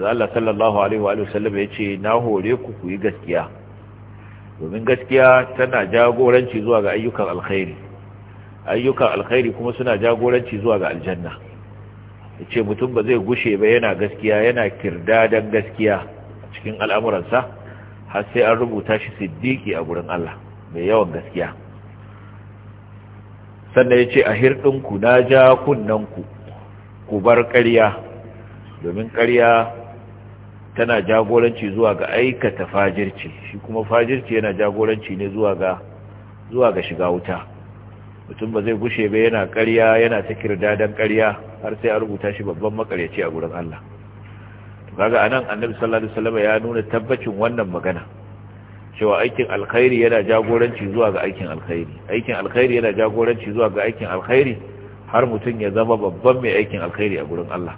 Allah صلى الله عليه وآله وسلم ce na hore ku ku yi ومن domin gaskiya tana jagoranci zuwa ga أيك الخير ayyukan alkhairi kuma suna الجنة ce mutum ba zai gushe ba yana gaskiya yana kirdadan gaskiya cikin al'amuransa har sai an rubuta shi siddiki a gurin Allah mai yawan gaskiya sannan ya ce a hirɗinku na ja kunnanku ku bar ƙarya domin ƙarya tana jagoranci zuwa ga aikata fajirci shi kuma fajirci yana jagoranci ne zuwa ga shiga wuta mutum ba zai gushe ba yana ƙarya yana ta kirda don ƙarya har sai a rubuta shi babban makaryaci a gurin Allah kaga anan annabi sallallahu alaihi wasallam ya nuna tabbacin wannan magana cewa aikin alkhairi yana jagoranci zuwa ga aikin alkhairi aikin alkhairi yana jagoranci zuwa ga aikin alkhairi har mutum ya zama babban mai aikin alkhairi a gurin Allah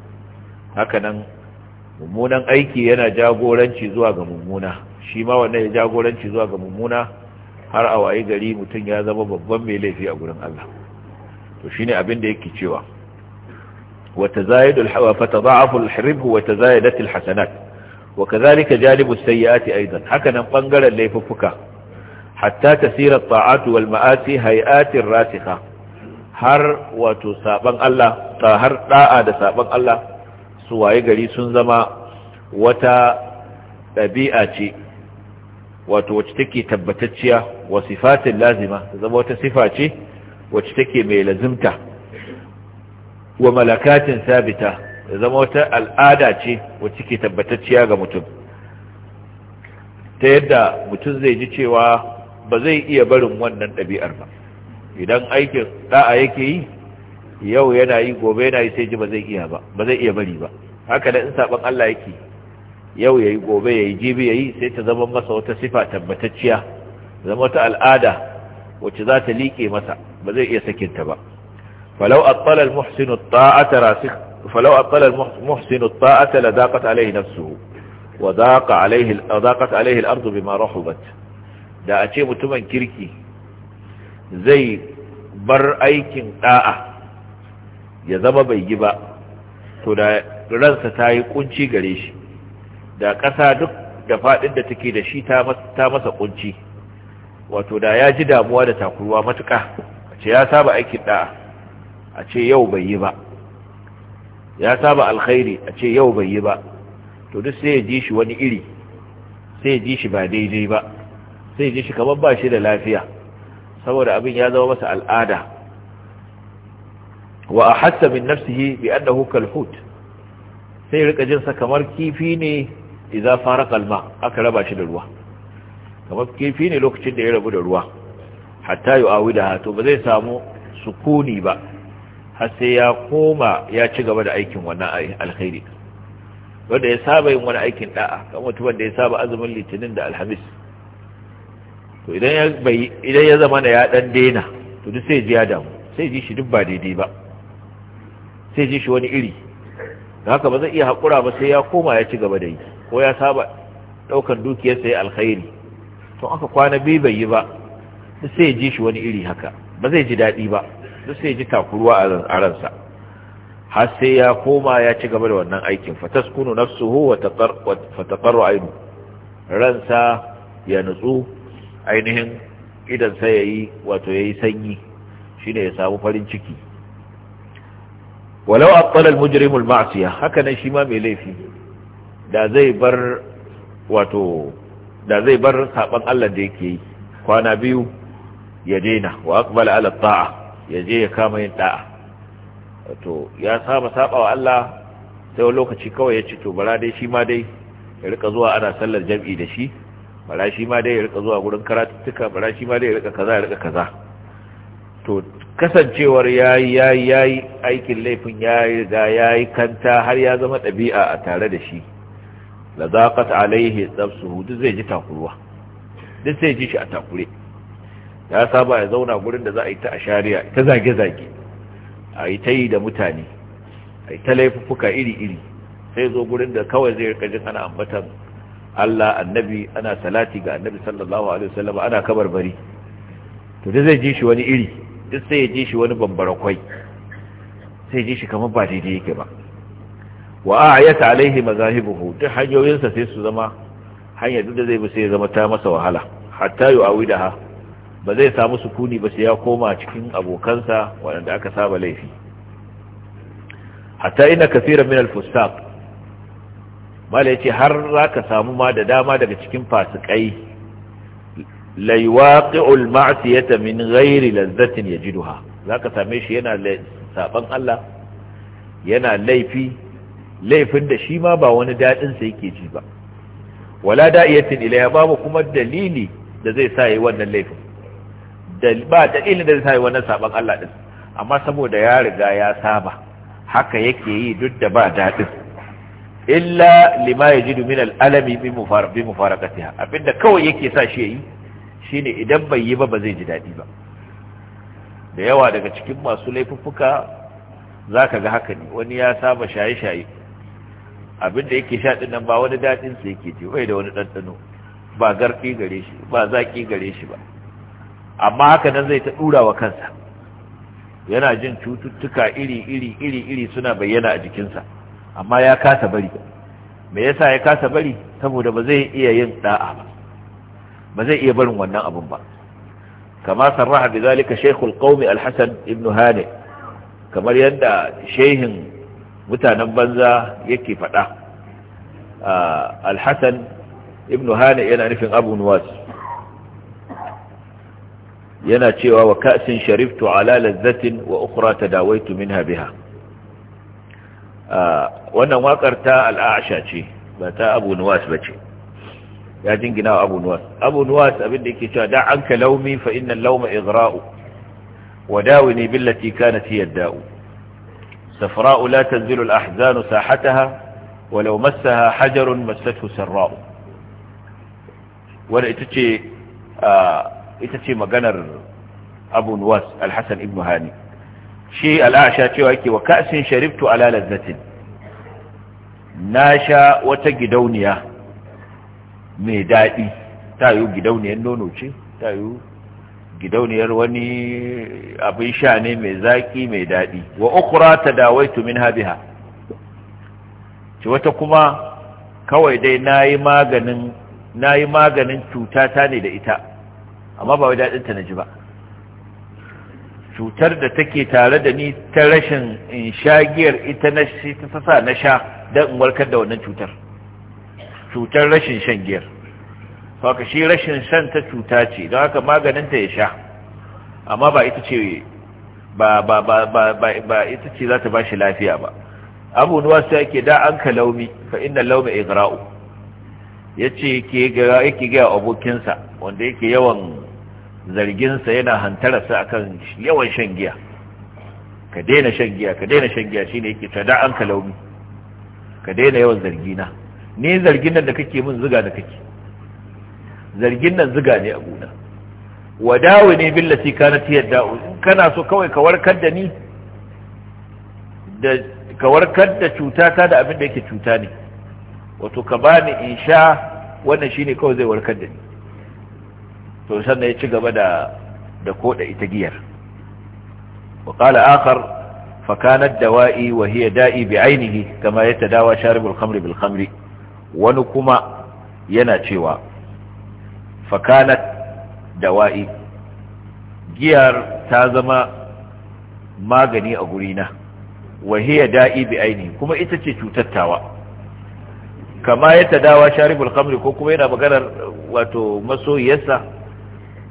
hakanan mummunan aiki yana jagoranci zuwa ga mummuna shi ma wannan ya jagoranci zuwa ga mummuna har a waye gari mutum ya zama babban mai laifi a gurin Allah to shine abin da yake cewa wa tazayidul hawa fa tadha'aful hirb wa tazayadatul hasanat wa kadhalika janibus sayyiati aidan haka bangaren laifuffuka hatta tasirar at-ta'atu wal ma'ati hay'atir rasikha har wato saban Allah har da'a da saban Allah su waye gari sun zama wata dabi'a ce wato wacce take tabbatacciya wa sifatin lazima ta zama wata sifa ce wacce take mai lazimta wa malakatin sabita ta zama wata al'ada ce wacce take tabbatacciya ga mutum ta yadda mutum zai ji cewa ba zai iya barin wannan ɗabi'ar ba idan aikin ɗa'a yake yi yau yana yi gobe yana yi sai ji zai iya bari ba haka da in saɓon Allah yake yau yayi gobe yayi jibi yayi sai ta zama masa wata sifa tabbatacciya zama wata al'ada wacce za ta liƙe masa ba zai iya sakinta ba falau aqala al-muhsinu at-ta'ata la alayhi nafsuhu wa daqa alayhi daqat alayhi al-ardu bima rahubat da a ce mutumin kirki zai bar aikin da'a ya zama bai yi ba to da ransa ta yi kunci gare shi da ƙasa duk da faɗin da take da shi ta masa ƙunci wato da ya ji damuwa da takurwa matuƙa a ce ya saba aikin ɗa'a a ce yau bai yi ba ya saba alkhairi a ce yau bai yi ba to duk sai ya ji shi wani iri sai ya ji shi ba daidai ba sai ya ji shi kamar ba shi da lafiya saboda abin ya zama masa al'ada wa a hatta min nafsihi bi annahu kalhut sai rika jin sa kamar kifi ne idza faraka alma aka raba shi da ruwa kamar kifi ne lokacin da ya rabu da ruwa hatta da to ba zai samu sukuni ba har sai ya koma ya ci gaba da aikin wannan alkhairi wanda ya saba yin wani aikin da'a kamar mutumin da ya saba azumin litinin da alhamis to idan ya bai idan ya zama ya dan daina to duk sai ji ya damu sai ji shi duk ba daidai ba sai ji shi wani iri haka ba zai iya haƙura ba sai ya koma ya ci gaba da yi ko ya saba ɗaukar dukiyarsa ya alkhairi to aka kwana biyu bai yi ba duk sai ya ji shi wani iri haka ba zai ji daɗi ba duk sai ya ji takuruwa a ransa har sai ya koma ya ci gaba da wannan aikin na nafsuhu wa taqarru aynu ransa ya nutsu ainihin idan sai yayi wato yayi sanyi shine ya samu farin ciki walau aqala al-mujrimu ma'asiya haka nan shi ma mai laifi da zai bar wato da zai bar Allah da yake kwana biyu ya daina wa aqbala ala ta'a ya je ya kama yin da'a wato ya saba saba wa Allah sai wani lokaci kawai ya ce to bara dai shi ma dai ya rika zuwa ana sallar jam'i da shi bara shi ma dai ya rika zuwa gurin karatuttuka bara shi ma dai ya rika kaza ya rika kaza to kasancewar yayi yayi yayi aikin laifin yayi ya yayi kanta har ya zama ɗabi'a a tare da shi la zaqat alaihi tsabsuhu duk zai ji takurwa duk zai ji shi a takure ya saba ya zauna gurin da za a yi ta ashariya ta zage-zage a yi ta yi da mutane a yi ta laifuka iri-iri sai zo gurin da kawai zai jin ana ambatan Allah annabi ana salati ga annabi sallallahu alaihi wasallam ana bari to duk zai ji shi wani iri duk sai ya ji shi wani bambarakwai sai ji shi kamar ba daidai yake ba wa ta alaihi mazahibuhu duk hanyoyinsa sai su zama hanyar duk da zai bi sai zama ta masa wahala hatta wida ba zai samu sukuni ba sai ya koma cikin abokansa waɗanda aka saba laifi hatta ina kafiran min al mala yace har zaka samu ma da dama daga cikin fasikai la yuwaqi'u al min ghairi lazzatin yajiduha zaka same shi yana saban Allah yana laifi laifin da shi ma ba wani daɗin sa yake ji ba wala da'iyatin ilayya babu kuma dalili da zai sa yi wannan laifin ba dalilin da zai sa yi wannan saban Allah din amma saboda ya riga ya saba haka yake yi duk da ba daɗin illa lima yajidu min al'alami bi mufarakatiha abinda kawai yake sa shi yi shine idan bai yi ba ba zai ji daɗi ba da yawa daga cikin masu laifuffuka za ka ga haka ne wani ya saba shaye-shaye abin da yake sha din nan ba wani dadin sa yake ji bai da wani dandano ba garfi gare shi ba zaki gare shi ba amma haka nan zai ta dura wa kansa yana jin cututtuka iri iri iri iri suna bayyana a jikinsa amma ya kasa bari me yasa ya kasa bari saboda ba zai iya yin da'a ba ba zai iya barin wannan abun ba kama sarraha bi zalika shaykhul qaumi al-hasan ibn hani kamar yadda shehin mutanen banza yake faɗa alhassan ibn hani yana nufin abu nuwas yana cewa wa ka'sin sharibtu ala lazzatin wa ukhra tadawaitu minha biha wannan wakar ta al'asha ce ba ta abu nuwas bace ya jingina abu nuwas abu nuwas abinda yake cewa da anka laumi fa inna lauma igra'u wa dawini billati kanat hiya da'u صفراء لا تنزل الأحزان ساحتها ولو مسها حجر مسته سراء وانا اتتشي آه اتتشي مقنر أبو نواس الحسن ابن هاني شيء الأعشى شوائكي وكأس شربت على لذة ناشا وتجدونيا ميدائي تايو جدونيا النونو شيء تايو gidauniyar wani abin sha ne mai zaƙi mai daɗi wa ukura ta dawaitu min habiha ci wata kuma kawai dai na yi maganin cutata ne da ita amma ba wai daɗinta na ji ba cutar da take tare da ni ta rashin in sha giyar ita na shi ta sasa na sha don in warkar da wannan cutar cutar rashin shan giyar haka shi rashin shan ta cuta ce don haka maganinta ya sha amma ba ita ce ba ba ba ba ba ita ce za ta ba shi lafiya ba abu nuwa sai yake da an ka laumi fa inna laumi igra'u yace yake ga yake ga abokinsa wanda yake yawan zargin sa yana hantararsa akan yawan shan giya ka daina shan giya ka daina shan giya shine yake ta da an ka laumi ka daina yawan zargina ni zargin nan da kake min zuga da kake zargin nan ziga ne a gona wa dawo ne billati tiyar yadda kana so kawai ka warkar da ni da ka warkar da cuta ta da abin da yake cuta ne wato ka bani insha wannan shine kawai zai warkar da ni to sannan ya ci gaba da da koda ita giyar wa qala akhar ainihi. الدواء وهي داء sharibul khamri bil khamri Wani kuma yana cewa. fakanat dawa'i giyar ta zama magani a gurina wahiya da'i bi aini kuma ita ce cutattawa kama ya tadawa sharibul khamri ko kuma yana maganar uh, wato masoyiyarsa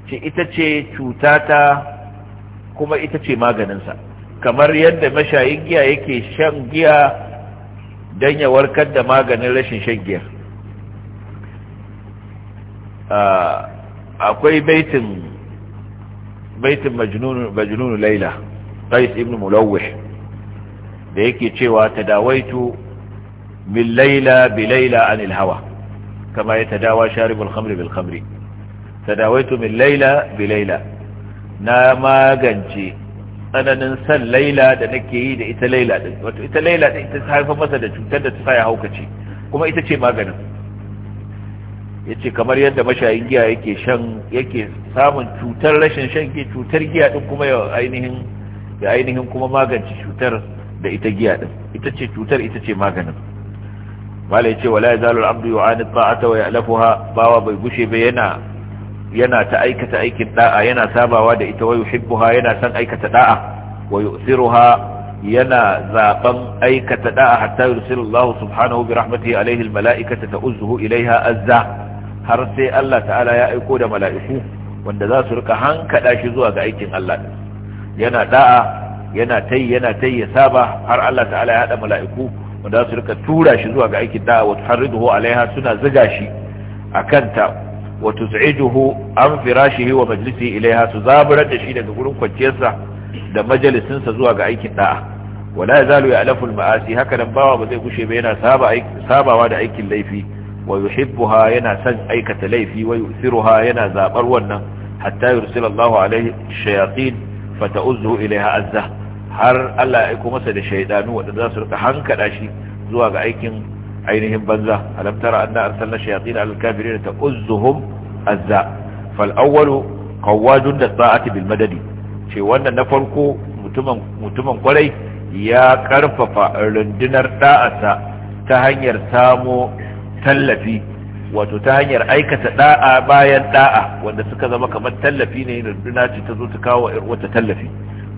ce ita ce cutata kuma ita ce maganinsa kamar yadda mashayin giya yake shan giya don ya warkar da maganin rashin shan giyar Ah, akwai baitin baitin majnunu laila qais ibn mulawih da yake cewa tadawaitu min laila bi laila anil hawa kama ya tadawa sharibul khamri bil khamri tadawaitu min laila bi laila na magance tsananin san laila da nake yi da ita laila din wato ita laila din ta haifar masa da cutar da ta sa ya haukace kuma ita ce maganin yace kamar yadda mashayin giya yake shan yake samun cutar rashin shan giya cutar giya din kuma ya ainihin kuma magance cutar da ita giya din ita ce cutar ita ce maganin ya ce wala yazalul abdu yu'ani ta'ata wa ya'lafuha bawa bai gushe bai yana yana ta aikata aikin da'a yana sabawa da ita wa yuhibbuha yana san aikata da'a wa siruha yana zaben aikata da'a hatta yursilu Allah subhanahu bi rahmatihi alaihi almalaikata ta'uzuhu ilaiha azza har sai Allah ta'ala ya aiko da mala'iku wanda za su rika hankada shi zuwa ga aikin Allah yana da'a yana tai yana tai ya saba har Allah ta'ala ya hada mala'iku wanda za su rika tura shi zuwa ga aikin da'a wa tuharriduhu alaiha suna ziga shi akan ta wa tuz'iduhu an firashihi wa majlisihi ilaiha su zaburar da shi daga gurin kwanciyarsa da majalisinsa zuwa ga aikin da'a wala zalu ya alaful ma'asi haka nan bawa ba zai gushe ba yana sabawa da aikin laifi wa yuhibbuha yana son aikata laifi wa yusiruha yana zaɓar wannan hatta yursila Allahu alaihi shayatin fata'uzuhu ilaiha azza har Allah ya aiko masa da shaydanu wadanda za su rika hankada shi zuwa ga aikin ainihin banza alam tara anna arsalna shayatin al-kafirin ta'uzuhum azza fal awwalu qawwadun da ta'ati bil madadi ce wannan na farko mutumin kwarai ya karfafa rundunar da'asa ta hanyar samo tallafi wato ta hanyar aikata da'a bayan da'a wanda suka zama kamar tallafi ne da duna ce ta zo ta kawo wata tallafi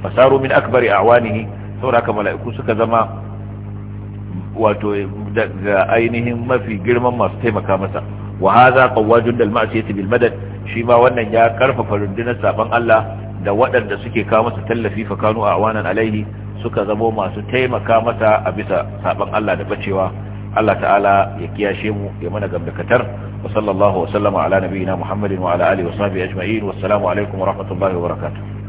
fasaru min akbari awanihi saboda haka mala'iku suka zama wato daga ainihin mafi girman masu taimaka masa wa hadha qawwajun dal ma'siyati bil madad shi ma wannan ya karfafa rundunar saban Allah da waɗanda suke kawo masa tallafi fa kanu awanan alaihi suka zamo masu taimaka masa a bisa saban Allah da bacewa Allah ta'ala ya kiyashe mu ya mana Katar wa sallallahu wa sallama ala nabiyina Muhammadin wa ala alihi wa sahbihi ajma'in wassalamu alaikum wa rahmatullahi wa barakatuh